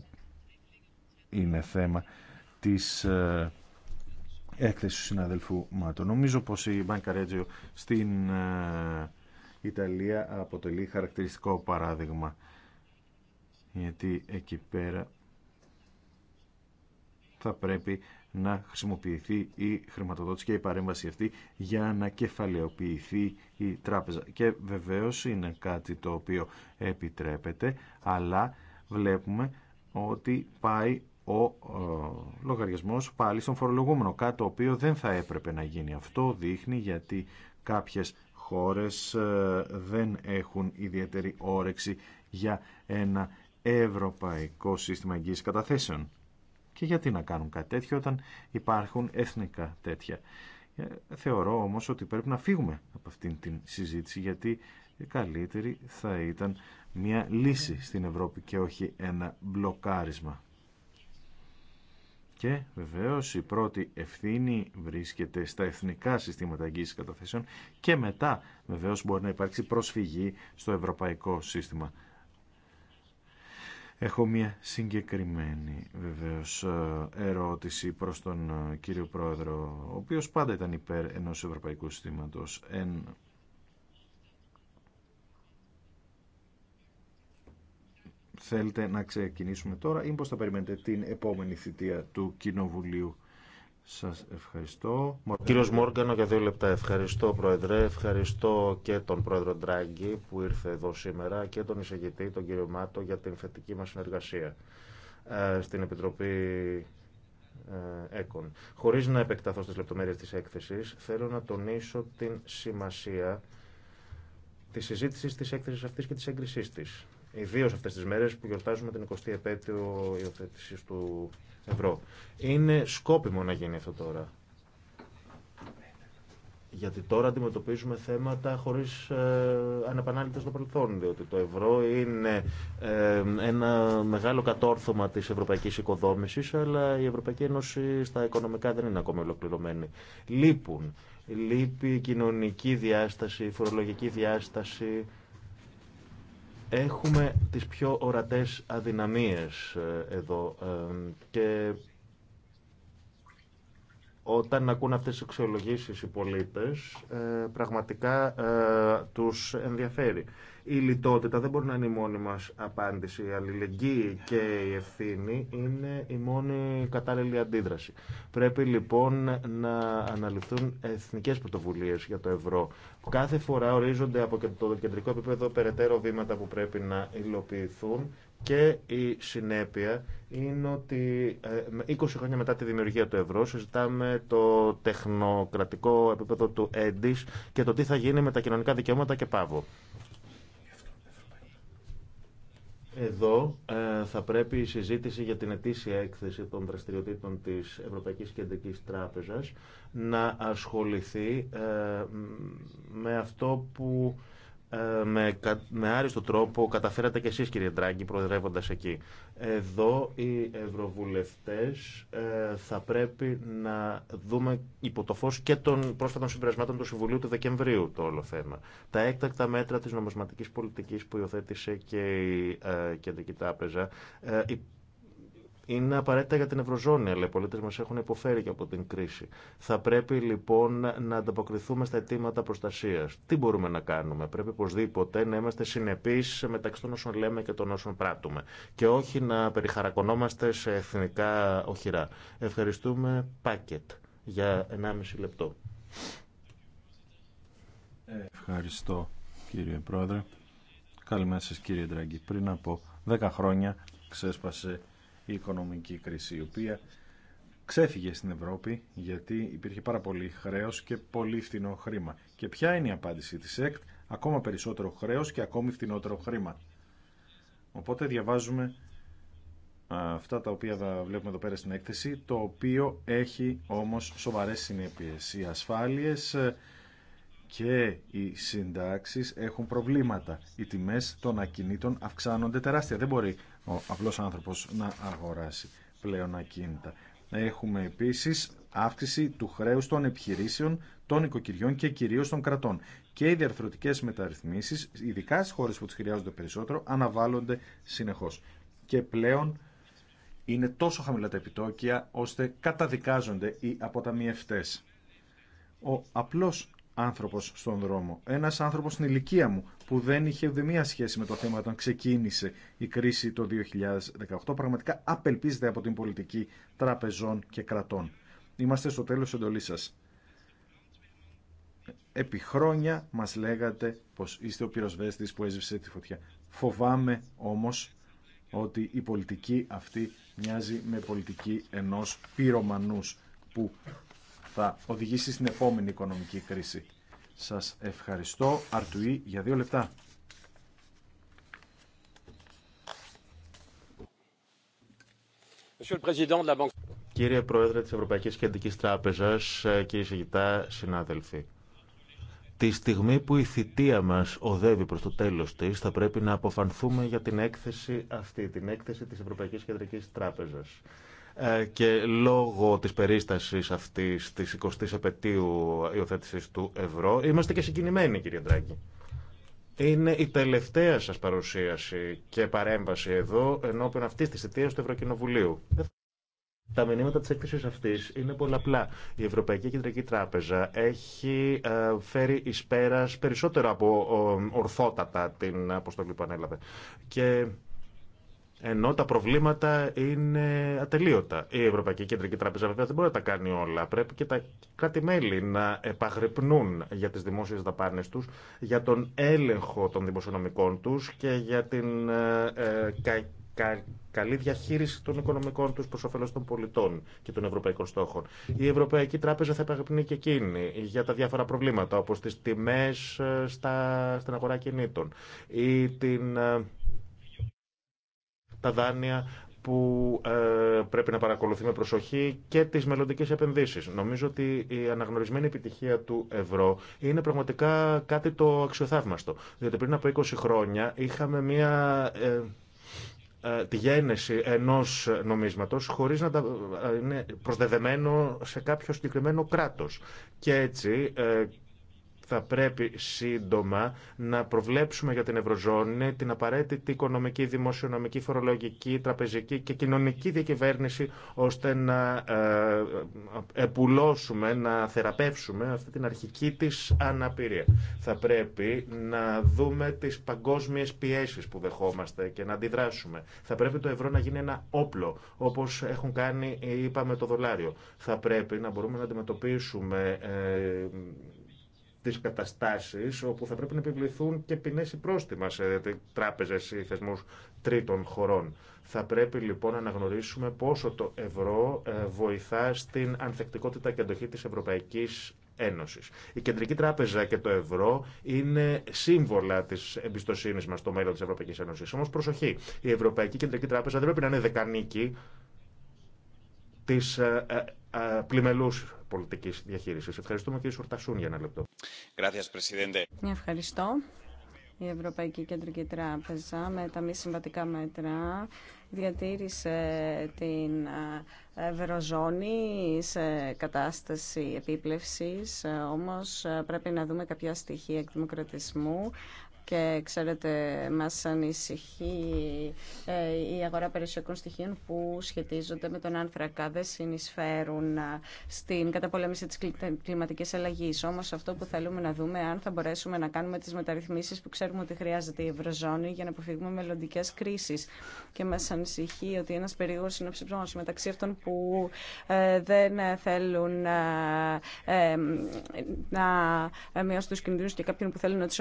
είναι θέμα της ε, έκθεση του συναδελφού Μάτο. Νομίζω πως η Μπάνκα Ρέτζιο στην ε, Ιταλία αποτελεί χαρακτηριστικό παράδειγμα. Γιατί εκεί πέρα θα πρέπει να χρησιμοποιηθεί η χρηματοδότηση και η παρέμβαση αυτή για να κεφαλαιοποιηθεί η τράπεζα. Και βεβαίως είναι κάτι το οποίο επιτρέπεται, αλλά βλέπουμε ότι πάει ο ε, λογαριασμός πάλι στον φορολογούμενο, κάτι το οποίο δεν θα έπρεπε να γίνει. Αυτό δείχνει γιατί κάποιες χώρες ε, δεν έχουν ιδιαίτερη όρεξη για ένα ευρωπαϊκό σύστημα εγγύησης καταθέσεων. Και γιατί να κάνουν κάτι τέτοιο όταν υπάρχουν εθνικά τέτοια. Ε, θεωρώ όμως ότι πρέπει να φύγουμε από αυτήν την συζήτηση γιατί καλύτερη θα ήταν μια λύση στην Ευρώπη και όχι ένα μπλοκάρισμα. Και βεβαίως η πρώτη ευθύνη βρίσκεται στα εθνικά συστήματα εγγύησης καταθέσεων και μετά βεβαίως μπορεί να υπάρξει προσφυγή στο ευρωπαϊκό σύστημα. Έχω μια συγκεκριμένη βεβαίως ε, ερώτηση προς τον ε, κύριο Πρόεδρο, ο οποίος πάντα ήταν υπέρ ενός ευρωπαϊκού συστήματος, θέλετε να ξεκινήσουμε τώρα ή πώς θα περιμένετε την επόμενη θητεία του Κοινοβουλίου. Σας ευχαριστώ. Κύριος Μόργανο για δύο λεπτά. Ευχαριστώ Πρόεδρε, ευχαριστώ και τον Πρόεδρο Ντράγκη που ήρθε εδώ σήμερα και τον εισηγητή, τον κύριο Μάτο, για την θετική μας συνεργασία ε, στην Επιτροπή ε, ΕΚΟΝ. Χωρίς να επεκταθώ στις λεπτομέρειες της έκθεσης, θέλω να τονίσω την σημασία τη συζήτηση τη έκθεση αυτή και τη έγκρισή τη ιδίω αυτέ τι μέρε που γιορτάζουμε την 20η επέτειο υιοθέτηση του ευρώ. Είναι σκόπιμο να γίνει αυτό τώρα. Γιατί τώρα αντιμετωπίζουμε θέματα χωρίς ε, ανεπανάληπτα στο παρελθόν, διότι το ευρώ είναι ε, ένα μεγάλο κατόρθωμα της ευρωπαϊκής οικοδόμησης, αλλά η Ευρωπαϊκή Ένωση στα οικονομικά θεματα χωρί ε είναι ακόμη ολοκληρωμένη. μεγαλο κατορθωμα τη Ευρωπαϊκή οικοδόμηση, αλλα η κοινωνική ειναι ακομα ολοκληρωμενη λειπουν λειπει η φορολογική διάσταση, Έχουμε τις πιο ορατές αδυναμίες ε, εδώ ε, και όταν ακούν αυτές τις αξιολογήσεις οι πολίτες ε, πραγματικά τους ενδιαφέρει. Η λιτότητα δεν μπορεί να είναι η μόνη μα απάντηση. Η αλληλεγγύη και η ευθύνη είναι η μόνη κατάλληλη αντίδραση. Πρέπει λοιπόν να αναλυθούν εθνικέ πρωτοβουλίε για το ευρώ. Κάθε φορά ορίζονται από το κεντρικό επίπεδο περαιτέρω βήματα που πρέπει να υλοποιηθούν και η συνέπεια είναι ότι 20 ε, χρόνια μετά τη δημιουργία του ευρώ συζητάμε το τεχνοκρατικό επίπεδο του έντις και το τι θα γίνει με τα κοινωνικά δικαιώματα και πάβο. Εδώ ε, θα πρέπει η συζήτηση για την ετήσια έκθεση των δραστηριοτήτων της Ευρωπαϊκής Κεντρικής Τράπεζας να ασχοληθεί ε, με αυτό που ε, με, άριστο τρόπο καταφέρατε και εσείς κύριε Ντράγκη προεδρεύοντας εκεί. Εδώ οι ευρωβουλευτές ε, θα πρέπει να δούμε υπό το φως και των πρόσφατων συμπερασμάτων του Συμβουλίου του Δεκεμβρίου το όλο θέμα. Τα έκτακτα μέτρα της νομοσματικής πολιτικής που υιοθέτησε και η ε, Κεντρική Τράπεζα είναι απαραίτητα για την Ευρωζώνη, αλλά οι πολίτε μα έχουν υποφέρει και από την κρίση. Θα πρέπει λοιπόν να ανταποκριθούμε στα αιτήματα προστασία. Τι μπορούμε να κάνουμε. Πρέπει οπωσδήποτε να είμαστε συνεπεί μεταξύ των όσων λέμε και των όσων πράττουμε. Και όχι να περιχαρακωνόμαστε σε εθνικά οχυρά. Ευχαριστούμε, Πάκετ, για 1,5 λεπτό. Ευχαριστώ, κύριε Πρόεδρε. Καλημέρα σας, κύριε Ντράγκη. Πριν από 10 χρόνια ξέσπασε η οικονομική κρίση, η οποία ξέφυγε στην Ευρώπη γιατί υπήρχε πάρα πολύ χρέος και πολύ φθηνό χρήμα. Και ποια είναι η απάντηση της ΕΚΤ, ακόμα περισσότερο χρέος και ακόμη φθηνότερο χρήμα. Οπότε διαβάζουμε αυτά τα οποία βλέπουμε εδώ πέρα στην έκθεση, το οποίο έχει όμως σοβαρές συνέπειες. Οι και οι συντάξεις έχουν προβλήματα. Οι τιμές των ακινήτων αυξάνονται τεράστια. Δεν μπορεί ο απλός άνθρωπος να αγοράσει πλέον ακίνητα. Έχουμε επίσης αύξηση του χρέους των επιχειρήσεων, των οικοκυριών και κυρίως των κρατών. Και οι διαρθρωτικές μεταρρυθμίσεις, ειδικά στις χώρες που τις χρειάζονται περισσότερο, αναβάλλονται συνεχώς. Και πλέον είναι τόσο χαμηλά τα επιτόκια, ώστε καταδικάζονται οι αποταμιευτέ. Ο απλός άνθρωπος στον δρόμο. Ένας άνθρωπος στην ηλικία μου που δεν είχε ούτε μία σχέση με το θέμα όταν ξεκίνησε η κρίση το 2018 πραγματικά απελπίζεται από την πολιτική τραπεζών και κρατών. Είμαστε στο τέλος εντολή σα. Επί χρόνια μας λέγατε πως είστε ο πυροσβέστης που έζησε τη φωτιά. Φοβάμαι όμως ότι η πολιτική αυτή μοιάζει με πολιτική ενός πυρομανούς που θα οδηγήσει στην επόμενη οικονομική κρίση. Σας ευχαριστώ. Αρτουή για δύο λεπτά. Κύριε Πρόεδρε της Ευρωπαϊκής Κεντρικής Τράπεζας, ε, κύριε Σεγητά, συνάδελφοι. Τη στιγμή που η θητεία μας οδεύει προς το τέλος της, θα πρέπει να αποφανθούμε για την έκθεση αυτή, την έκθεση της Ευρωπαϊκής Κεντρικής Τράπεζας ε, και λόγω της περίστασης αυτής της 20ης επαιτίου υιοθέτησης του ευρώ είμαστε και συγκινημένοι κύριε Ντράγκη. Είναι η τελευταία σας παρουσίαση και παρέμβαση εδώ ενώπιον αυτής της θητείας του Ευρωκοινοβουλίου. Τα μηνύματα τη έκθεση αυτή είναι πολλαπλά. Η Ευρωπαϊκή Κεντρική Τράπεζα έχει ε, φέρει ει πέρα περισσότερο από ε, ορθότατα την αποστολή που ανέλαβε. Και ενώ τα προβλήματα είναι ατελείωτα. Η Ευρωπαϊκή Κεντρική Τράπεζα βέβαια δεν μπορεί να τα κάνει όλα. Πρέπει και τα κράτη-μέλη να επαγρυπνούν για τι δημόσιε δαπάνε του, για τον έλεγχο των δημοσιονομικών του και για την ε, ε, καλή διαχείριση των οικονομικών του προ όφελο των πολιτών και των ευρωπαϊκών στόχων. Η Ευρωπαϊκή Τράπεζα θα επαγρυπνεί και εκείνη για τα διάφορα προβλήματα, όπω τι τιμέ ε, στην αγορά κινήτων ή την τα δάνεια που ε, πρέπει να παρακολουθεί με προσοχή και τις μελλοντικέ επενδύσεις. Νομίζω ότι η αναγνωρισμένη επιτυχία του ευρώ είναι πραγματικά κάτι το αξιοθαύμαστο. Διότι πριν από 20 χρόνια είχαμε μια ε, ε, τη γένεση ενός νομίσματος χωρίς να τα, είναι προσδεδεμένο σε κάποιο συγκεκριμένο κράτος. Και έτσι θα πρέπει σύντομα να προβλέψουμε για την Ευρωζώνη την απαραίτητη οικονομική, δημοσιονομική, φορολογική, τραπεζική και κοινωνική διακυβέρνηση ώστε να ε, επουλώσουμε, να θεραπεύσουμε αυτή την αρχική της αναπηρία. Θα πρέπει να δούμε τις παγκόσμιες πιέσεις που δεχόμαστε και να αντιδράσουμε. Θα πρέπει το ευρώ να γίνει ένα όπλο, όπως έχουν κάνει, είπαμε, το δολάριο. Θα πρέπει να μπορούμε να αντιμετωπίσουμε ε, τις καταστάσει όπου θα πρέπει να επιβληθούν και ποινέ ή πρόστιμα σε τράπεζε ή θεσμού τρίτων χωρών. Θα πρέπει λοιπόν να αναγνωρίσουμε πόσο το ευρώ ε, βοηθά στην ανθεκτικότητα και αντοχή τη Ευρωπαϊκή Ένωσης. Η προστιμα σε τραπεζε η θεσμου τριτων χωρων θα πρεπει λοιπον να αναγνωρισουμε ποσο το ευρω βοηθα στην ανθεκτικοτητα και αντοχη τη ευρωπαικη ενωσης η κεντρικη τραπεζα και το ευρώ είναι σύμβολα τη εμπιστοσύνη μα στο μέλλον τη Ευρωπαϊκή Ένωση. Όμω προσοχή, η Ευρωπαϊκή Κεντρική Τράπεζα δεν πρέπει να είναι δεκανίκη τη ε, ε, ε, πλημελού πολιτική διαχείριση. Ευχαριστούμε κύριε Σορτασούν για ένα λεπτό. Ευχαριστώ. Η Ευρωπαϊκή Κεντρική Τράπεζα με τα μη συμβατικά μέτρα διατήρησε την Ευρωζώνη σε κατάσταση επίπλευσης, όμως πρέπει να δούμε κάποια στοιχεία εκδημοκρατισμού και ξέρετε μας ανησυχεί ε, η αγορά περιουσιακών στοιχείων που σχετίζονται με τον άνθρακα δεν συνεισφέρουν ε, στην καταπολέμηση της κλιματικής αλλαγής όμως αυτό που θέλουμε να δούμε αν θα μπορέσουμε να κάνουμε τις μεταρρυθμίσεις που ξέρουμε ότι χρειάζεται η Ευρωζώνη για να αποφύγουμε μελλοντικέ κρίσεις και μας ανησυχεί ότι ένας είναι συνοψισμός μεταξύ αυτών που ε, δεν θέλουν να μειώσουν τους κινδύνους και κάποιων που θέλουν να τους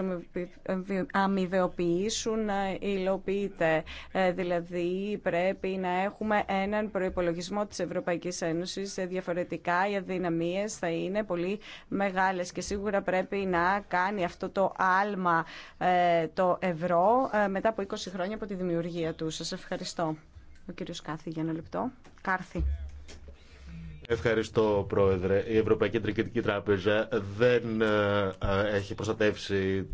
αμοιβεοποιήσουν να υλοποιείται. Ε, δηλαδή πρέπει να έχουμε έναν προϋπολογισμό της Ευρωπαϊκής Ένωσης. Ε, διαφορετικά οι αδυναμίες θα είναι πολύ μεγάλες και σίγουρα πρέπει να κάνει αυτό το άλμα ε, το ευρώ μετά από 20 χρόνια από τη δημιουργία του. Σας ευχαριστώ. Ο κύριος Κάθη για ένα λεπτό. Κάρθη. Ευχαριστώ, Πρόεδρε. Η Ευρωπαϊκή Κεντρική Τράπεζα δεν ε, ε, έχει προστατεύσει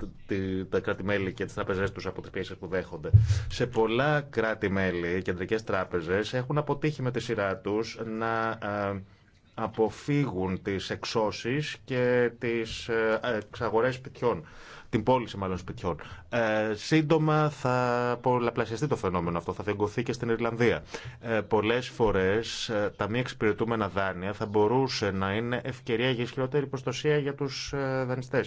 τα κράτη-μέλη και τι τράπεζέ του από τι πιέσει που δέχονται. Σε πολλά κράτη-μέλη, οι κεντρικέ τράπεζε έχουν αποτύχει με τη σειρά του να ε, αποφύγουν τις εξώσει και τις εξαγορές σπιτιών την πώληση μάλλον σπιτιών. Ε, σύντομα θα πολλαπλασιαστεί το φαινόμενο αυτό, θα δεγκωθεί και στην Ιρλανδία. Ε, Πολλέ φορέ ε, τα μη εξυπηρετούμενα δάνεια θα μπορούσε να είναι ευκαιρία για ισχυρότερη προστασία για του ε, δανειστέ.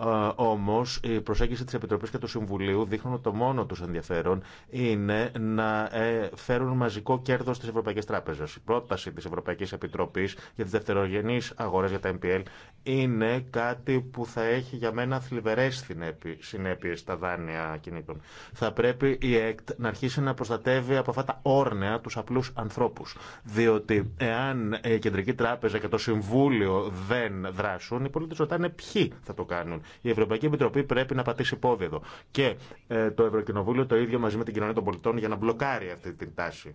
Ε, Όμω, η προσέγγιση τη Επιτροπή και του Συμβουλίου δείχνουν ότι το μόνο του ενδιαφέρον είναι να ε, φέρουν μαζικό κέρδο στι Ευρωπαϊκέ Τράπεζε. Η πρόταση τη Ευρωπαϊκή Επιτροπή για τι δευτερογενεί αγορέ για τα MPL είναι κάτι που θα έχει για μένα θλιβερέ συνέπειε στα δάνεια κινήτων. Θα πρέπει η ΕΚΤ να αρχίσει να προστατεύει από αυτά τα όρνεα του απλού ανθρώπου. Διότι εάν η Κεντρική Τράπεζα και το Συμβούλιο δεν δράσουν, οι πολίτε ρωτάνε ποιοι θα το κάνουν. Η Ευρωπαϊκή Επιτροπή πρέπει να πατήσει πόδι εδώ. Και ε, το Ευρωκοινοβούλιο το ίδιο μαζί με την κοινωνία των πολιτών για να μπλοκάρει αυτή την τάση.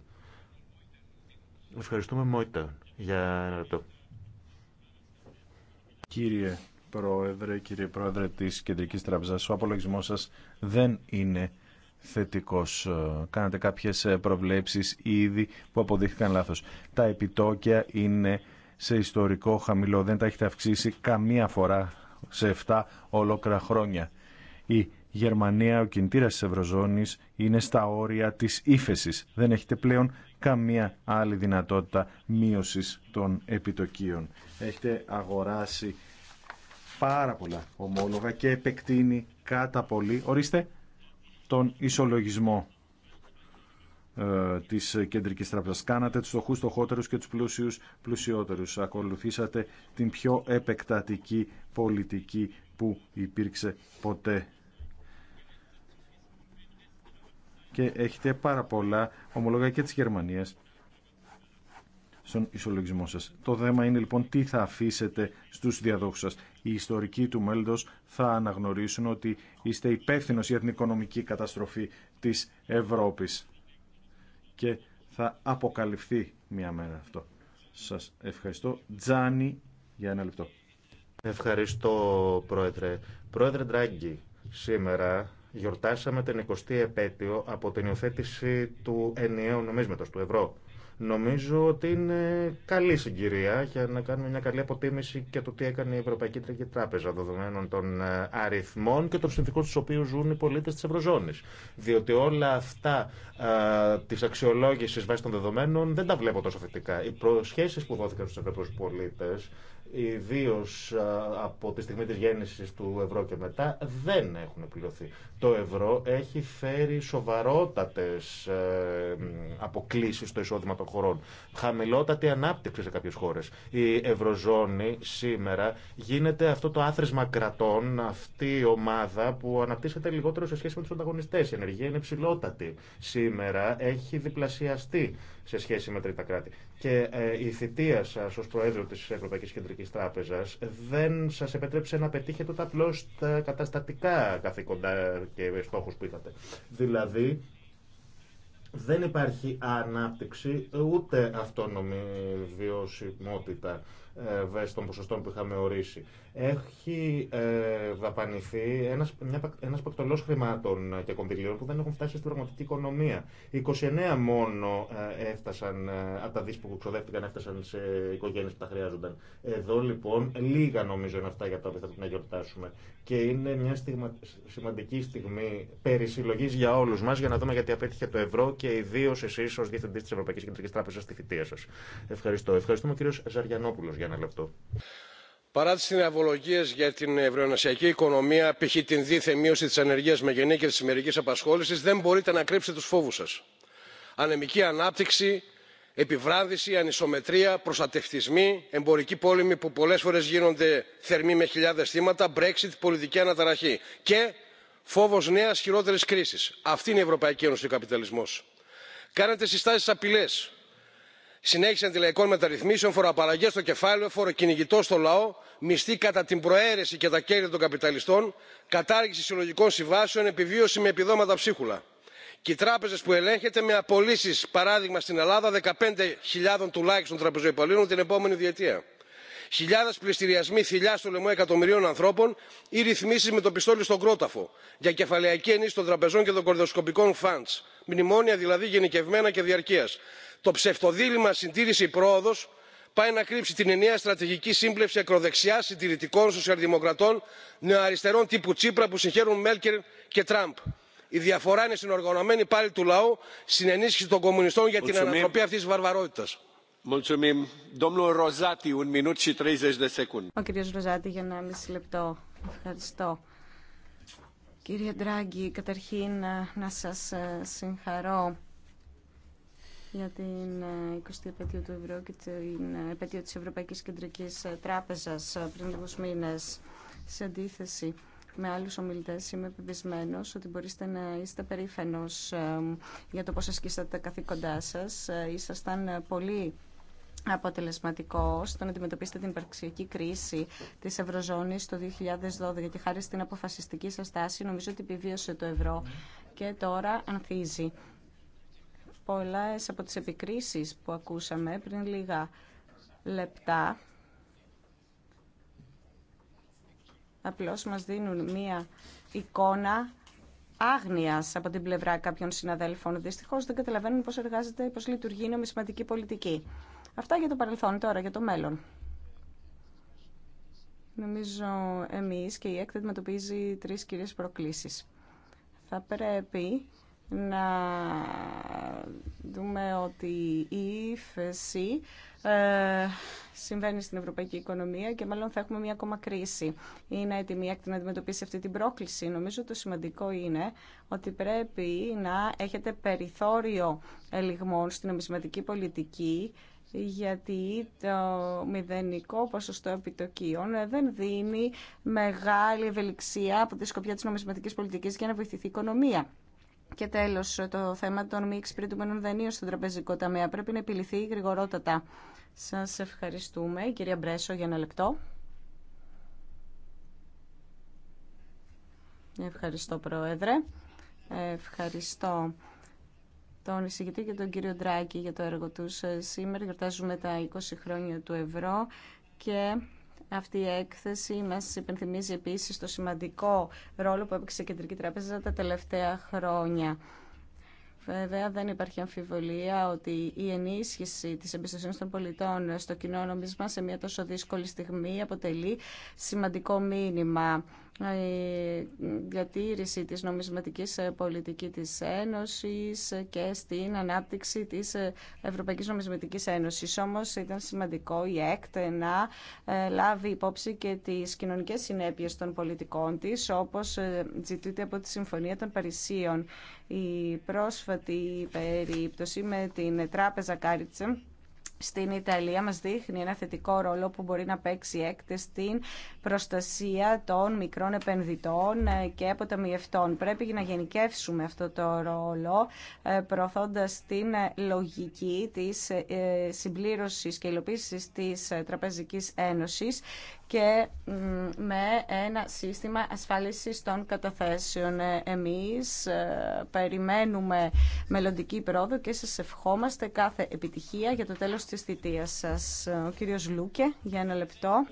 Ευχαριστούμε Μόιτα για ένα λεπτό. Κύριε Πρόεδρε, κύριε Πρόεδρε της Κεντρικής Τραπεζάς, ο απολογισμός σας δεν είναι θετικός. Ε, κάνατε κάποιες ε, προβλέψεις ήδη που αποδείχθηκαν λάθος. Τα επιτόκια είναι σε ιστορικό χαμηλό. Δεν τα έχετε αυξήσει καμία φορά σε 7 ολόκληρα χρόνια. Η Γερμανία, ο κινητήρα τη Ευρωζώνης, είναι στα όρια της ύφεση. Δεν έχετε πλέον καμία άλλη δυνατότητα μείωση των επιτοκίων. Έχετε αγοράσει πάρα πολλά ομόλογα και επεκτείνει κατά πολύ, ορίστε, τον ισολογισμό ε, Τη κεντρική Τράπεζας. Κάνατε του στοχούς στοχότερους και τους πλούσιους πλουσιότερους. Ακολουθήσατε την πιο επεκτατική πολιτική που υπήρξε ποτέ. Και έχετε πάρα πολλά ομολόγα και της Γερμανίας στον ισολογισμό σας. Το θέμα είναι λοιπόν τι θα αφήσετε στους διαδόχους σας. Οι ιστορικοί του μέλλοντος θα αναγνωρίσουν ότι είστε υπεύθυνος για την οικονομική καταστροφή της Ευρώπης και θα αποκαλυφθεί μια μέρα αυτό. Σας ευχαριστώ. Τζάνι για ένα λεπτό. Ευχαριστώ Πρόεδρε. Πρόεδρε Ντράγκη, σήμερα γιορτάσαμε την 20η επέτειο από την υιοθέτηση του ενιαίου νομίσματος του ευρώ. Νομίζω ότι είναι καλή συγκυρία για να κάνουμε μια καλή αποτίμηση και το τι έκανε η Ευρωπαϊκή Τραγική Τράπεζα δεδομένων των ε, αριθμών και των συνθήκων στους οποίους ζουν οι πολίτες της Ευρωζώνης. Διότι όλα αυτά ε, τη αξιολόγηση βάσει των δεδομένων δεν τα βλέπω τόσο θετικά. Οι προσχέσεις που δόθηκαν στους Ευρωπαίους πολίτες ιδίω από τη στιγμή της γέννησης του ευρώ και μετά, δεν έχουν πληρωθεί. Το ευρώ έχει φέρει σοβαρότατες ε, αποκλήσεις στο εισόδημα των χωρών. Χαμηλότατη ανάπτυξη σε κάποιες χώρες. Η Ευρωζώνη σήμερα γίνεται αυτό το άθροισμα κρατών, αυτή η ομάδα που αναπτύσσεται λιγότερο σε σχέση με τους ανταγωνιστές. Η ενεργεία είναι ψηλότατη. Σήμερα έχει διπλασιαστεί σε σχέση με τρίτα κράτη. Και ε, η θητεία σα ω Προέδρου τη Ευρωπαϊκή Κεντρική Τράπεζα δεν σα επέτρεψε να πετύχετε τα απλώ τα καταστατικά καθήκοντα και στόχου που είδατε. Δηλαδή, δεν υπάρχει ανάπτυξη ούτε αυτόνομη βιωσιμότητα των ποσοστών που είχαμε ορίσει. Έχει ε, δαπανηθεί ένα πακτολό χρημάτων και κονδυλίων που δεν έχουν φτάσει στην πραγματική οικονομία. 29 μόνο ε, έφτασαν, ε, από τα δίσκη που ξοδεύτηκαν έφτασαν σε οικογένειε που τα χρειάζονταν. Εδώ λοιπόν λίγα νομίζω είναι αυτά για τα οποία θα πρέπει να γιορτάσουμε. Και είναι μια στιγμα... σημαντική στιγμή περισυλλογή για όλου μα για να δούμε γιατί απέτυχε το ευρώ και ιδίω εσεί ω διευθυντή τη Ευρωπαϊκή Κεντρική Τράπεζα στη θητεία σα. Ευχαριστώ. Ευχαριστούμε κύριο Ζαριανόπουλο για ένα λεπτό. Παρά τι συναυολογίε για την ευρωενωσιακή οικονομία, π.χ. την δίθε μείωση τη ανεργία με γεννή και τη ημερική απασχόληση, δεν μπορείτε να κρύψετε του φόβου σα. Ανεμική ανάπτυξη, επιβράδυση, ανισομετρία, προστατευτισμοί, εμπορικοί πόλεμοι που πολλέ φορέ γίνονται θερμοί με χιλιάδε θύματα, Brexit, πολιτική αναταραχή και φόβο νέα χειρότερη κρίση. Αυτή είναι η Ευρωπαϊκή Ένωση και ο καπιταλισμό. Κάνετε συστάσει απειλέ, συνέχιση αντιλαϊκών μεταρρυθμίσεων φοροαπαλλαγέ στο κεφάλαιο φοροκυνηγητό στο λαό μισθοί κατά την προαίρεση και τα κέρδη των καπιταλιστών κατάργηση συλλογικών συμβάσεων επιβίωση με επιδόματα ψίχουλα και οι τράπεζε που ελέγχεται με απολύσει παράδειγμα στην ελλάδα δεκαπέντε χιλιάδων τουλάχιστον τραπεζοϊπαλλήλων την επόμενη διετία χιλιάδε πληστηριασμοί θηλιά στο λαιμό εκατομμυρίων ανθρώπων ή ρυθμίσει με το πιστόλι στον κρόταφο για κεφαλαιακή ενίσχυση των τραπεζών και των κερδοσκοπικών funds μνημόνια δηλαδή γενικευμένα και διαρκεία το ψευτοδήλημα συντήρηση πρόοδο πάει να κρύψει την ενιαία στρατηγική σύμπλευση ακροδεξιά συντηρητικών σοσιαλδημοκρατών νεοαριστερών τύπου τσίπρα που συγχαίρουν Μέλκερ και τραμπ. η διαφορά είναι στην οργανωμένη του λαού στην ενίσχυση των κομμουνιστών για την ανατροπή αυτής τη βαρβαρότητας. Κύριε για την 20η ε, επέτειο του ευρώ και την ε, επέτειο της Ευρωπαϊκής Κεντρικής ε, Τράπεζας πριν λίγους μήνες. Σε αντίθεση με άλλους ομιλητές είμαι επιβεβαισμένος ότι μπορείτε να είστε περήφανος για το πώς ασκήσατε τα καθήκοντά σας. Ήσασταν πολύ αποτελεσματικό στο να αντιμετωπίσετε την υπαρξιακή κρίση τη Ευρωζώνη το 2012 και χάρη στην αποφασιστική σα τάση νομίζω ότι επιβίωσε το ευρώ και τώρα ανθίζει. Πολλές από τις επικρίσεις που ακούσαμε πριν λίγα λεπτά απλώς μας δίνουν μία εικόνα άγνοιας από την πλευρά κάποιων συναδέλφων. Δυστυχώς δεν καταλαβαίνουν πώς εργάζεται, πώς λειτουργεί η νομισματική πολιτική. Αυτά για το παρελθόν τώρα, για το μέλλον. Νομίζω εμείς και η ΕΚΤ αντιμετωπίζει τρεις κυρίες προκλήσεις. Θα πρέπει να δούμε ότι η ύφεση ε, συμβαίνει στην ευρωπαϊκή οικονομία και μάλλον θα έχουμε μια ακόμα κρίση. Είναι έτοιμη η να αντιμετωπίσει αυτή την πρόκληση. Νομίζω το σημαντικό είναι ότι πρέπει να έχετε περιθώριο ελιγμών στην νομισματική πολιτική γιατί το μηδενικό ποσοστό επιτοκίων δεν δίνει μεγάλη ευελιξία από τη σκοπιά της νομισματικής πολιτικής για να βοηθηθεί η οικονομία. Και τέλο, το θέμα των μη εξυπηρετούμενων δανείων στον τραπεζικό ταμέα πρέπει να επιληθεί γρηγορότατα. Σας ευχαριστούμε. κυρία Μπρέσο για ένα λεπτό. Ευχαριστώ, Πρόεδρε. Ευχαριστώ τον εισηγητή και τον κύριο Ντράκη για το έργο τους σήμερα. Γιορτάζουμε τα 20 χρόνια του ευρώ και αυτή η έκθεση μας υπενθυμίζει επίσης το σημαντικό ρόλο που έπαιξε η Κεντρική Τράπεζα τα τελευταία χρόνια. Βέβαια δεν υπάρχει αμφιβολία ότι η ενίσχυση της εμπιστοσύνης των πολιτών στο κοινό νομισμά σε μια τόσο δύσκολη στιγμή αποτελεί σημαντικό μήνυμα η ε, διατήρηση της νομισματικής ε, πολιτικής της Ένωσης και στην ανάπτυξη της ε, Ευρωπαϊκής Νομισματικής Ένωσης. Όμως ήταν σημαντικό η ΕΚΤ να λάβει υπόψη και τις κοινωνικές συνέπειες των πολιτικών της, όπως ζητείται από τη Συμφωνία των Παρισίων. Η πρόσφατη περίπτωση με την τράπεζα Κάριτσεμ στην Ιταλία μας δείχνει ένα θετικό ρόλο που μπορεί να παίξει η την στην προστασία των μικρών επενδυτών ε, και αποταμιευτών. Πρέπει να γενικεύσουμε αυτό το ρόλο ε, προωθώντας την ε, λογική της συμπλήρωσης και υλοποίησης της Τραπεζικής Ένωσης και με ένα σύστημα ασφάλισης των καταθέσεων. Ε, εμείς ε, περιμένουμε μελλοντική πρόοδο και σας ευχόμαστε κάθε επιτυχία για το τέλος της θητείας σας. Ο κύριος Λούκε, για ένα λεπτό.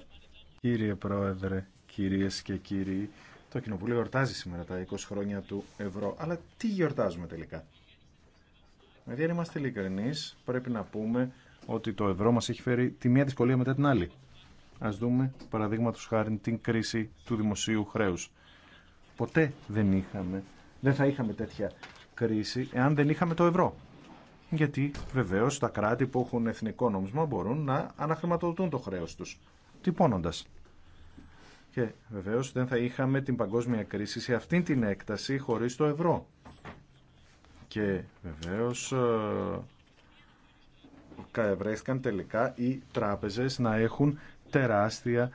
Κύριε Πρόεδρε, κυρίες και κύριοι, το Κοινοβούλιο γιορτάζει σήμερα τα 20 χρόνια του ευρώ, αλλά τι γιορτάζουμε τελικά. Δηλαδή αν είμαστε ειλικρινεί, πρέπει να πούμε ότι το ευρώ μας έχει φέρει τη μία δυσκολία μετά την άλλη. Ας δούμε παραδείγματος χάρη την κρίση του δημοσίου χρέους. Ποτέ δεν είχαμε, δεν θα είχαμε τέτοια κρίση εάν δεν είχαμε το ευρώ. Γιατί βεβαίως τα κράτη που έχουν εθνικό νόμισμα μπορούν να αναχρηματοδοτούν το χρέος τους, τυπώνοντας. Και βεβαίως δεν θα είχαμε την παγκόσμια κρίση σε αυτήν την έκταση χωρίς το ευρώ. Και βεβαίως ε, βρέθηκαν τελικά οι τράπεζες να έχουν τεράστια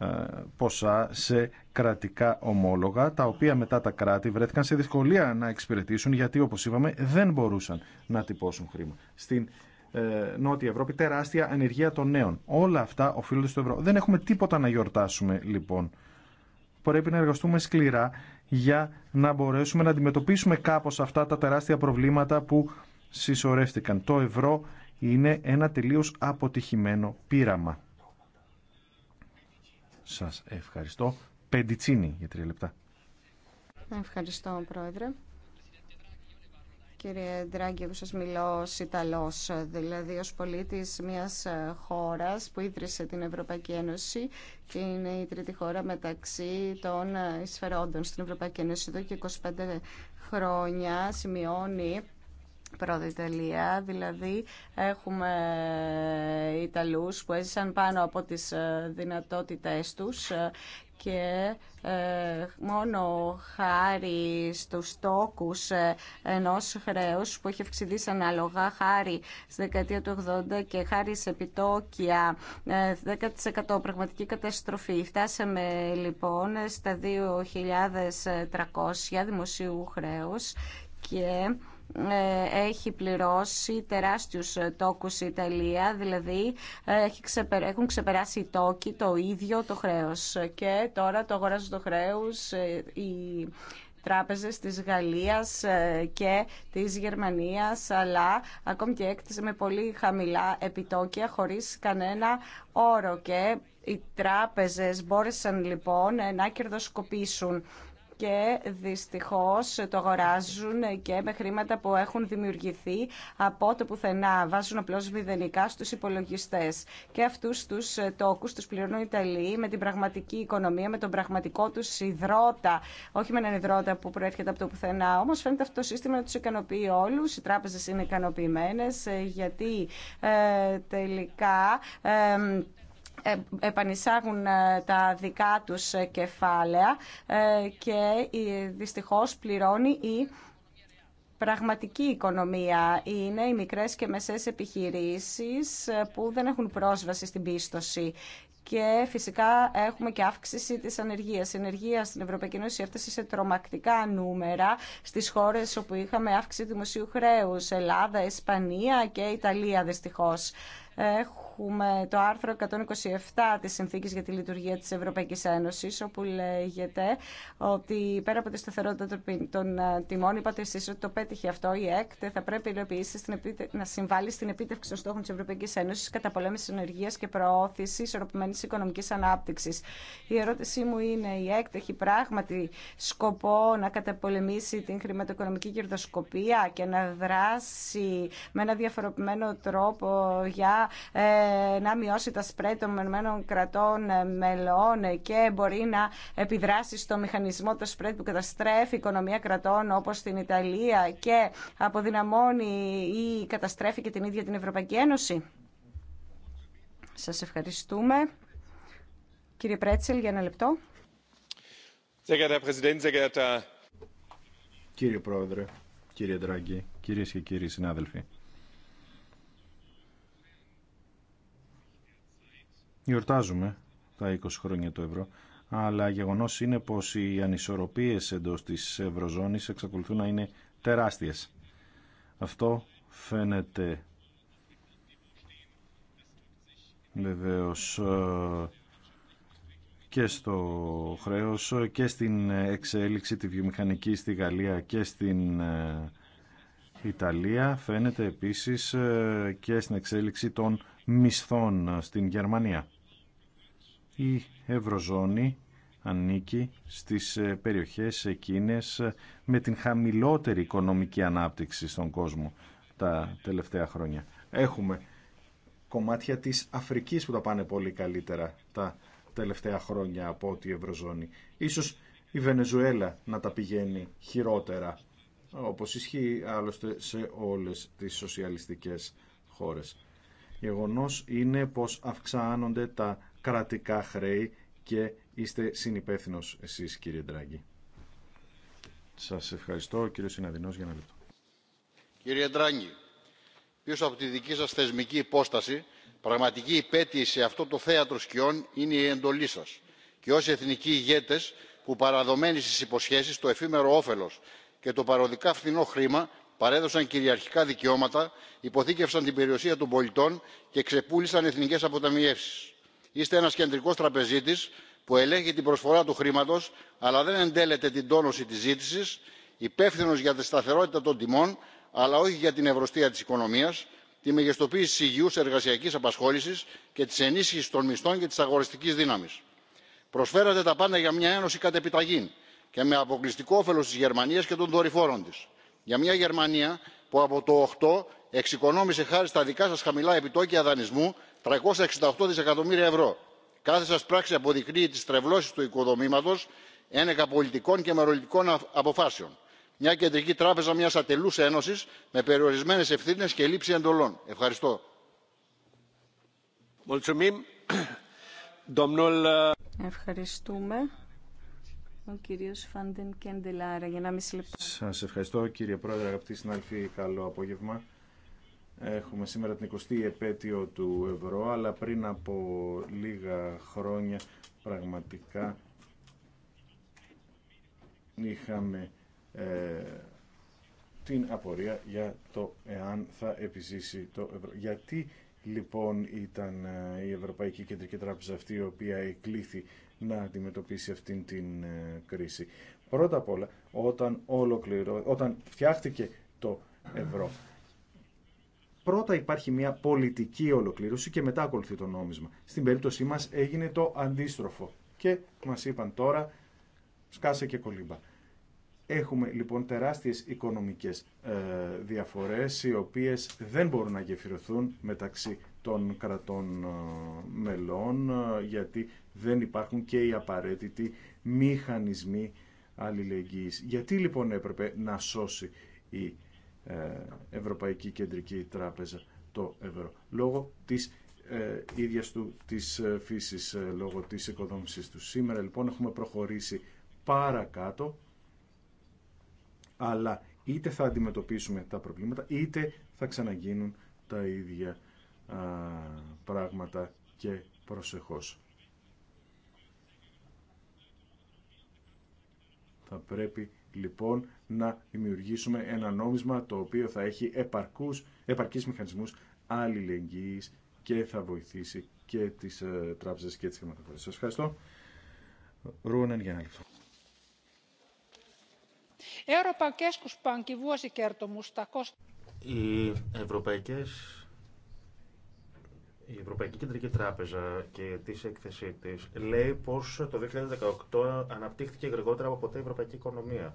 ε, ποσά σε κρατικά ομόλογα, τα οποία μετά τα κράτη βρέθηκαν σε δυσκολία να εξυπηρετήσουν, γιατί όπως είπαμε δεν μπορούσαν να τυπώσουν χρήμα. Στην ε, Νότια Ευρώπη τεράστια ανεργία των νέων. Όλα αυτά οφείλονται στο ευρώ. Δεν έχουμε τίποτα να γιορτάσουμε λοιπόν. Πρέπει να εργαστούμε σκληρά για να μπορέσουμε να αντιμετωπίσουμε κάπως αυτά τα τεράστια προβλήματα που συσσωρεύτηκαν. Το ευρώ είναι ένα τελείως αποτυχημένο πείραμα. Σας ευχαριστώ. Πεντιτσίνη για τρία λεπτά. Ευχαριστώ, Πρόεδρε. Κύριε Ντράγκη, εγώ σας μιλώ ως Ιταλός, δηλαδή ως πολίτης μιας ε, χώρας που ίδρυσε την Ευρωπαϊκή Ένωση και είναι η τρίτη χώρα μεταξύ των ε, εισφερόντων στην Ευρωπαϊκή Ένωση εδώ και 25 χρόνια σημειώνει πρώτη δηλαδή έχουμε Ιταλούς που έζησαν πάνω από τις ε, δυνατότητές τους ε, και ε, μόνο χάρη στους τόκους ενός χρέους που έχει αυξηθεί ανάλογα χάρη στη δεκαετία του 80 και χάρη σε επιτόκια 10% πραγματική καταστροφή. Φτάσαμε λοιπόν στα 2.300 δημοσίου χρέους και ε, έχει πληρώσει τεράστιους ε, τόκους η Ιταλία, δηλαδή ε, έχουν ξεπεράσει οι τόκοι το ίδιο το χρέος και τώρα το αγοράζουν το χρέος οι τράπεζες της Γαλλίας και της Γερμανίας, αλλά ακόμη και έκτισε με πολύ χαμηλά επιτόκια χωρίς κανένα όρο και οι τράπεζες μπόρεσαν λοιπόν να κερδοσκοπήσουν και δυστυχώς το αγοράζουν και με χρήματα που έχουν δημιουργηθεί από το πουθενά. Βάζουν απλώς μηδενικά στους υπολογιστές και αυτούς τους τόκους τους πληρώνουν οι Ιταλοί με την πραγματική οικονομία, με τον πραγματικό τους υδρότα, όχι με έναν υδρότα που προέρχεται από το πουθενά. Όμως φαίνεται αυτό το σύστημα να τους ικανοποιεί όλους, οι τράπεζες είναι ικανοποιημένες ε, γιατί ε, τελικά... Ε, ε, επανισάγουν ε, τα δικά τους κεφάλαια ε, και δυστυχώς πληρώνει η πραγματική οικονομία. Είναι οι μικρές και μεσές επιχειρήσεις που δεν έχουν πρόσβαση στην πίστοση. Και φυσικά έχουμε και αύξηση της ανεργίας. Η ανεργία στην Ευρωπαϊκή Ένωση έφτασε σε τρομακτικά νούμερα στις χώρες όπου είχαμε αύξηση δημοσίου χρέους, Ελλάδα, Ισπανία και Ιταλία δυστυχώς. Έχουμε το άρθρο 127 της Συνθήκης για τη Λειτουργία της Ευρωπαϊκής Ένωσης, όπου λέγεται ότι πέρα από τη σταθερότητα των ε, τιμών, είπατε εσείς ότι το πέτυχε αυτό, η ΕΚΤ ε, θα πρέπει να συμβάλλει στην επίτευξη των στόχων της Ευρωπαϊκής Ένωσης κατά πολέμηση ενεργείας και προώθηση ισορροπημένης οικονομικής ανάπτυξης. Η ερώτησή μου είναι, η ΕΚΤ έχει πράγματι σκοπό να καταπολεμήσει την χρηματοοικονομική κερδοσκοπία και να δράσει με ένα διαφοροποιημένο τρόπο για ε, να μειώσει τα σπρέτ των μερμένων κρατών ε, μελών ε, και μπορεί να επιδράσει στο μηχανισμό το σπρέτ που καταστρέφει η οικονομία κρατών όπως στην Ιταλία και αποδυναμώνει ή καταστρέφει και την ίδια την Ευρωπαϊκή Ένωση. Σας ευχαριστούμε. Κύριε Πρέτσελ, για ένα λεπτό. Κύριε Πρόεδρε, κύριε Ντράγκη, κυρίες και κύριοι συνάδελφοι. Γιορτάζουμε τα 20 χρόνια του ευρώ, αλλά γεγονός είναι πως οι ανισορροπίες εντός της ευρωζώνης εξακολουθούν να είναι τεράστιες. Αυτό φαίνεται βεβαίως ε, και στο χρέος και στην εξέλιξη τη βιομηχανική στη Γαλλία και στην ε, Ιταλία φαίνεται επίσης ε, και στην εξέλιξη των μισθών στην Γερμανία η Ευρωζώνη ανήκει στις ε, περιοχές εκείνες ε, με την χαμηλότερη οικονομική ανάπτυξη στον κόσμο τα τελευταία χρόνια. Έχουμε κομμάτια της Αφρικής που τα πάνε πολύ καλύτερα τα τελευταία χρόνια από ό,τι Ευρωζώνη. Ίσως η Βενεζουέλα να τα πηγαίνει χειρότερα, όπως ισχύει άλλωστε σε όλες τις σοσιαλιστικές χώρες. Γεγονός είναι πως αυξάνονται τα κρατικά χρέη και είστε συνυπεύθυνος εσείς κύριε Ντράγκη. Σας ευχαριστώ κύριο Συναδεινός για να λεπτό. Κύριε Ντράγκη, πίσω από τη δική σας θεσμική υπόσταση, πραγματική υπέτειη σε αυτό το θέατρο σκιών είναι η εντολή σας και όσοι εθνικοί ηγέτες που παραδομένοι στις υποσχέσεις το εφήμερο όφελος και το παροδικά φθηνό χρήμα παρέδωσαν κυριαρχικά δικαιώματα υποθήκευσαν την περιουσία των πολιτών και ξεπούλησαν εθνικές αποταμιεύσεις είστε ένας κεντρικός τραπεζίτης που ελέγχει την προσφορά του χρήματος αλλά δεν εντέλεται την τόνωση της ζήτησης υπεύθυνος για τη σταθερότητα των τιμών αλλά όχι για την ευρωστία της οικονομίας τη μεγιστοποίηση υγιούς εργασιακής απασχόλησης και της ενίσχυσης των μισθών και της αγοραστικής δύναμης. προσφέρατε τα πάντα για μια ένωση κατ' επιταγή και με αποκλειστικό όφελος της γερμανίας και των δορυφόρων της για μια γερμανία που από το 2008 εξοικονόμησε χάρη στα δικά σα χαμηλά επιτόκια δανεισμού 368 δισεκατομμύρια ευρώ. κάθε σα πράξη αποδεικνύει τι στρεβλώσεις του οικοδομήματος ένεκα πολιτικών και μεροληπτικών αποφάσεων. μια κεντρική τράπεζα μιας ατελούς ένωσης με περιορισμένες ευθύνε και λήψη εντολών. ευχαριστώ. Uh, Ευχαριστούμε. Κεντελάρα για Σας ευχαριστώ κύριε Πρόεδρε, αγαπητοί συνάδελφοι, καλό απόγευμα. Έχουμε σήμερα την 20η επέτειο του ευρώ, αλλά πριν από λίγα χρόνια πραγματικά είχαμε ε, την απορία για το εάν θα επιζήσει το ευρώ. Γιατί λοιπόν ήταν ε, η Ευρωπαϊκή Κεντρική Τράπεζα αυτή η οποία εκλήθη να αντιμετωπίσει αυτήν την ε, κρίση. Πρώτα απ' όλα, όταν, όταν φτιάχτηκε το ευρώ, Πρώτα υπάρχει μια πολιτική ολοκλήρωση και μετά ακολουθεί το νόμισμα. Στην περίπτωσή μας έγινε το αντίστροφο και μας είπαν τώρα σκάσε και κολύμπα. Έχουμε λοιπόν τεράστιες οικονομικές ε, διαφορές οι οποίες δεν μπορούν να γεφυρωθούν μεταξύ των κρατών ε, μελών ε, γιατί δεν υπάρχουν και οι απαραίτητοι μηχανισμοί αλληλεγγύης. Γιατί λοιπόν έπρεπε να σώσει η ε, Ευρωπαϊκή Κεντρική Τράπεζα το ευρώ. Λόγω της ε, ίδιας του της ε, φύσης, ε, λόγω της οικοδόμησης του. Σήμερα λοιπόν έχουμε προχωρήσει παρακάτω, αλλά είτε θα αντιμετωπίσουμε τα προβλήματα, είτε θα ξαναγίνουν τα ίδια πράγματα και προσεχώς. Θα πρέπει λοιπόν να δημιουργήσουμε ένα νόμισμα το οποίο θα έχει επαρκούς, επαρκείς μηχανισμούς αλληλεγγύης και θα βοηθήσει και τις ε, τράπεζες και τις χρηματοφορές. Σας ευχαριστώ. Ρούνεν για ένα λεπτό. Οι ευρωπαϊκές η Ευρωπαϊκή Κεντρική Τράπεζα και τη έκθεσή τη λέει πω το 2018 αναπτύχθηκε γρηγότερα από ποτέ η ευρωπαϊκή οικονομία.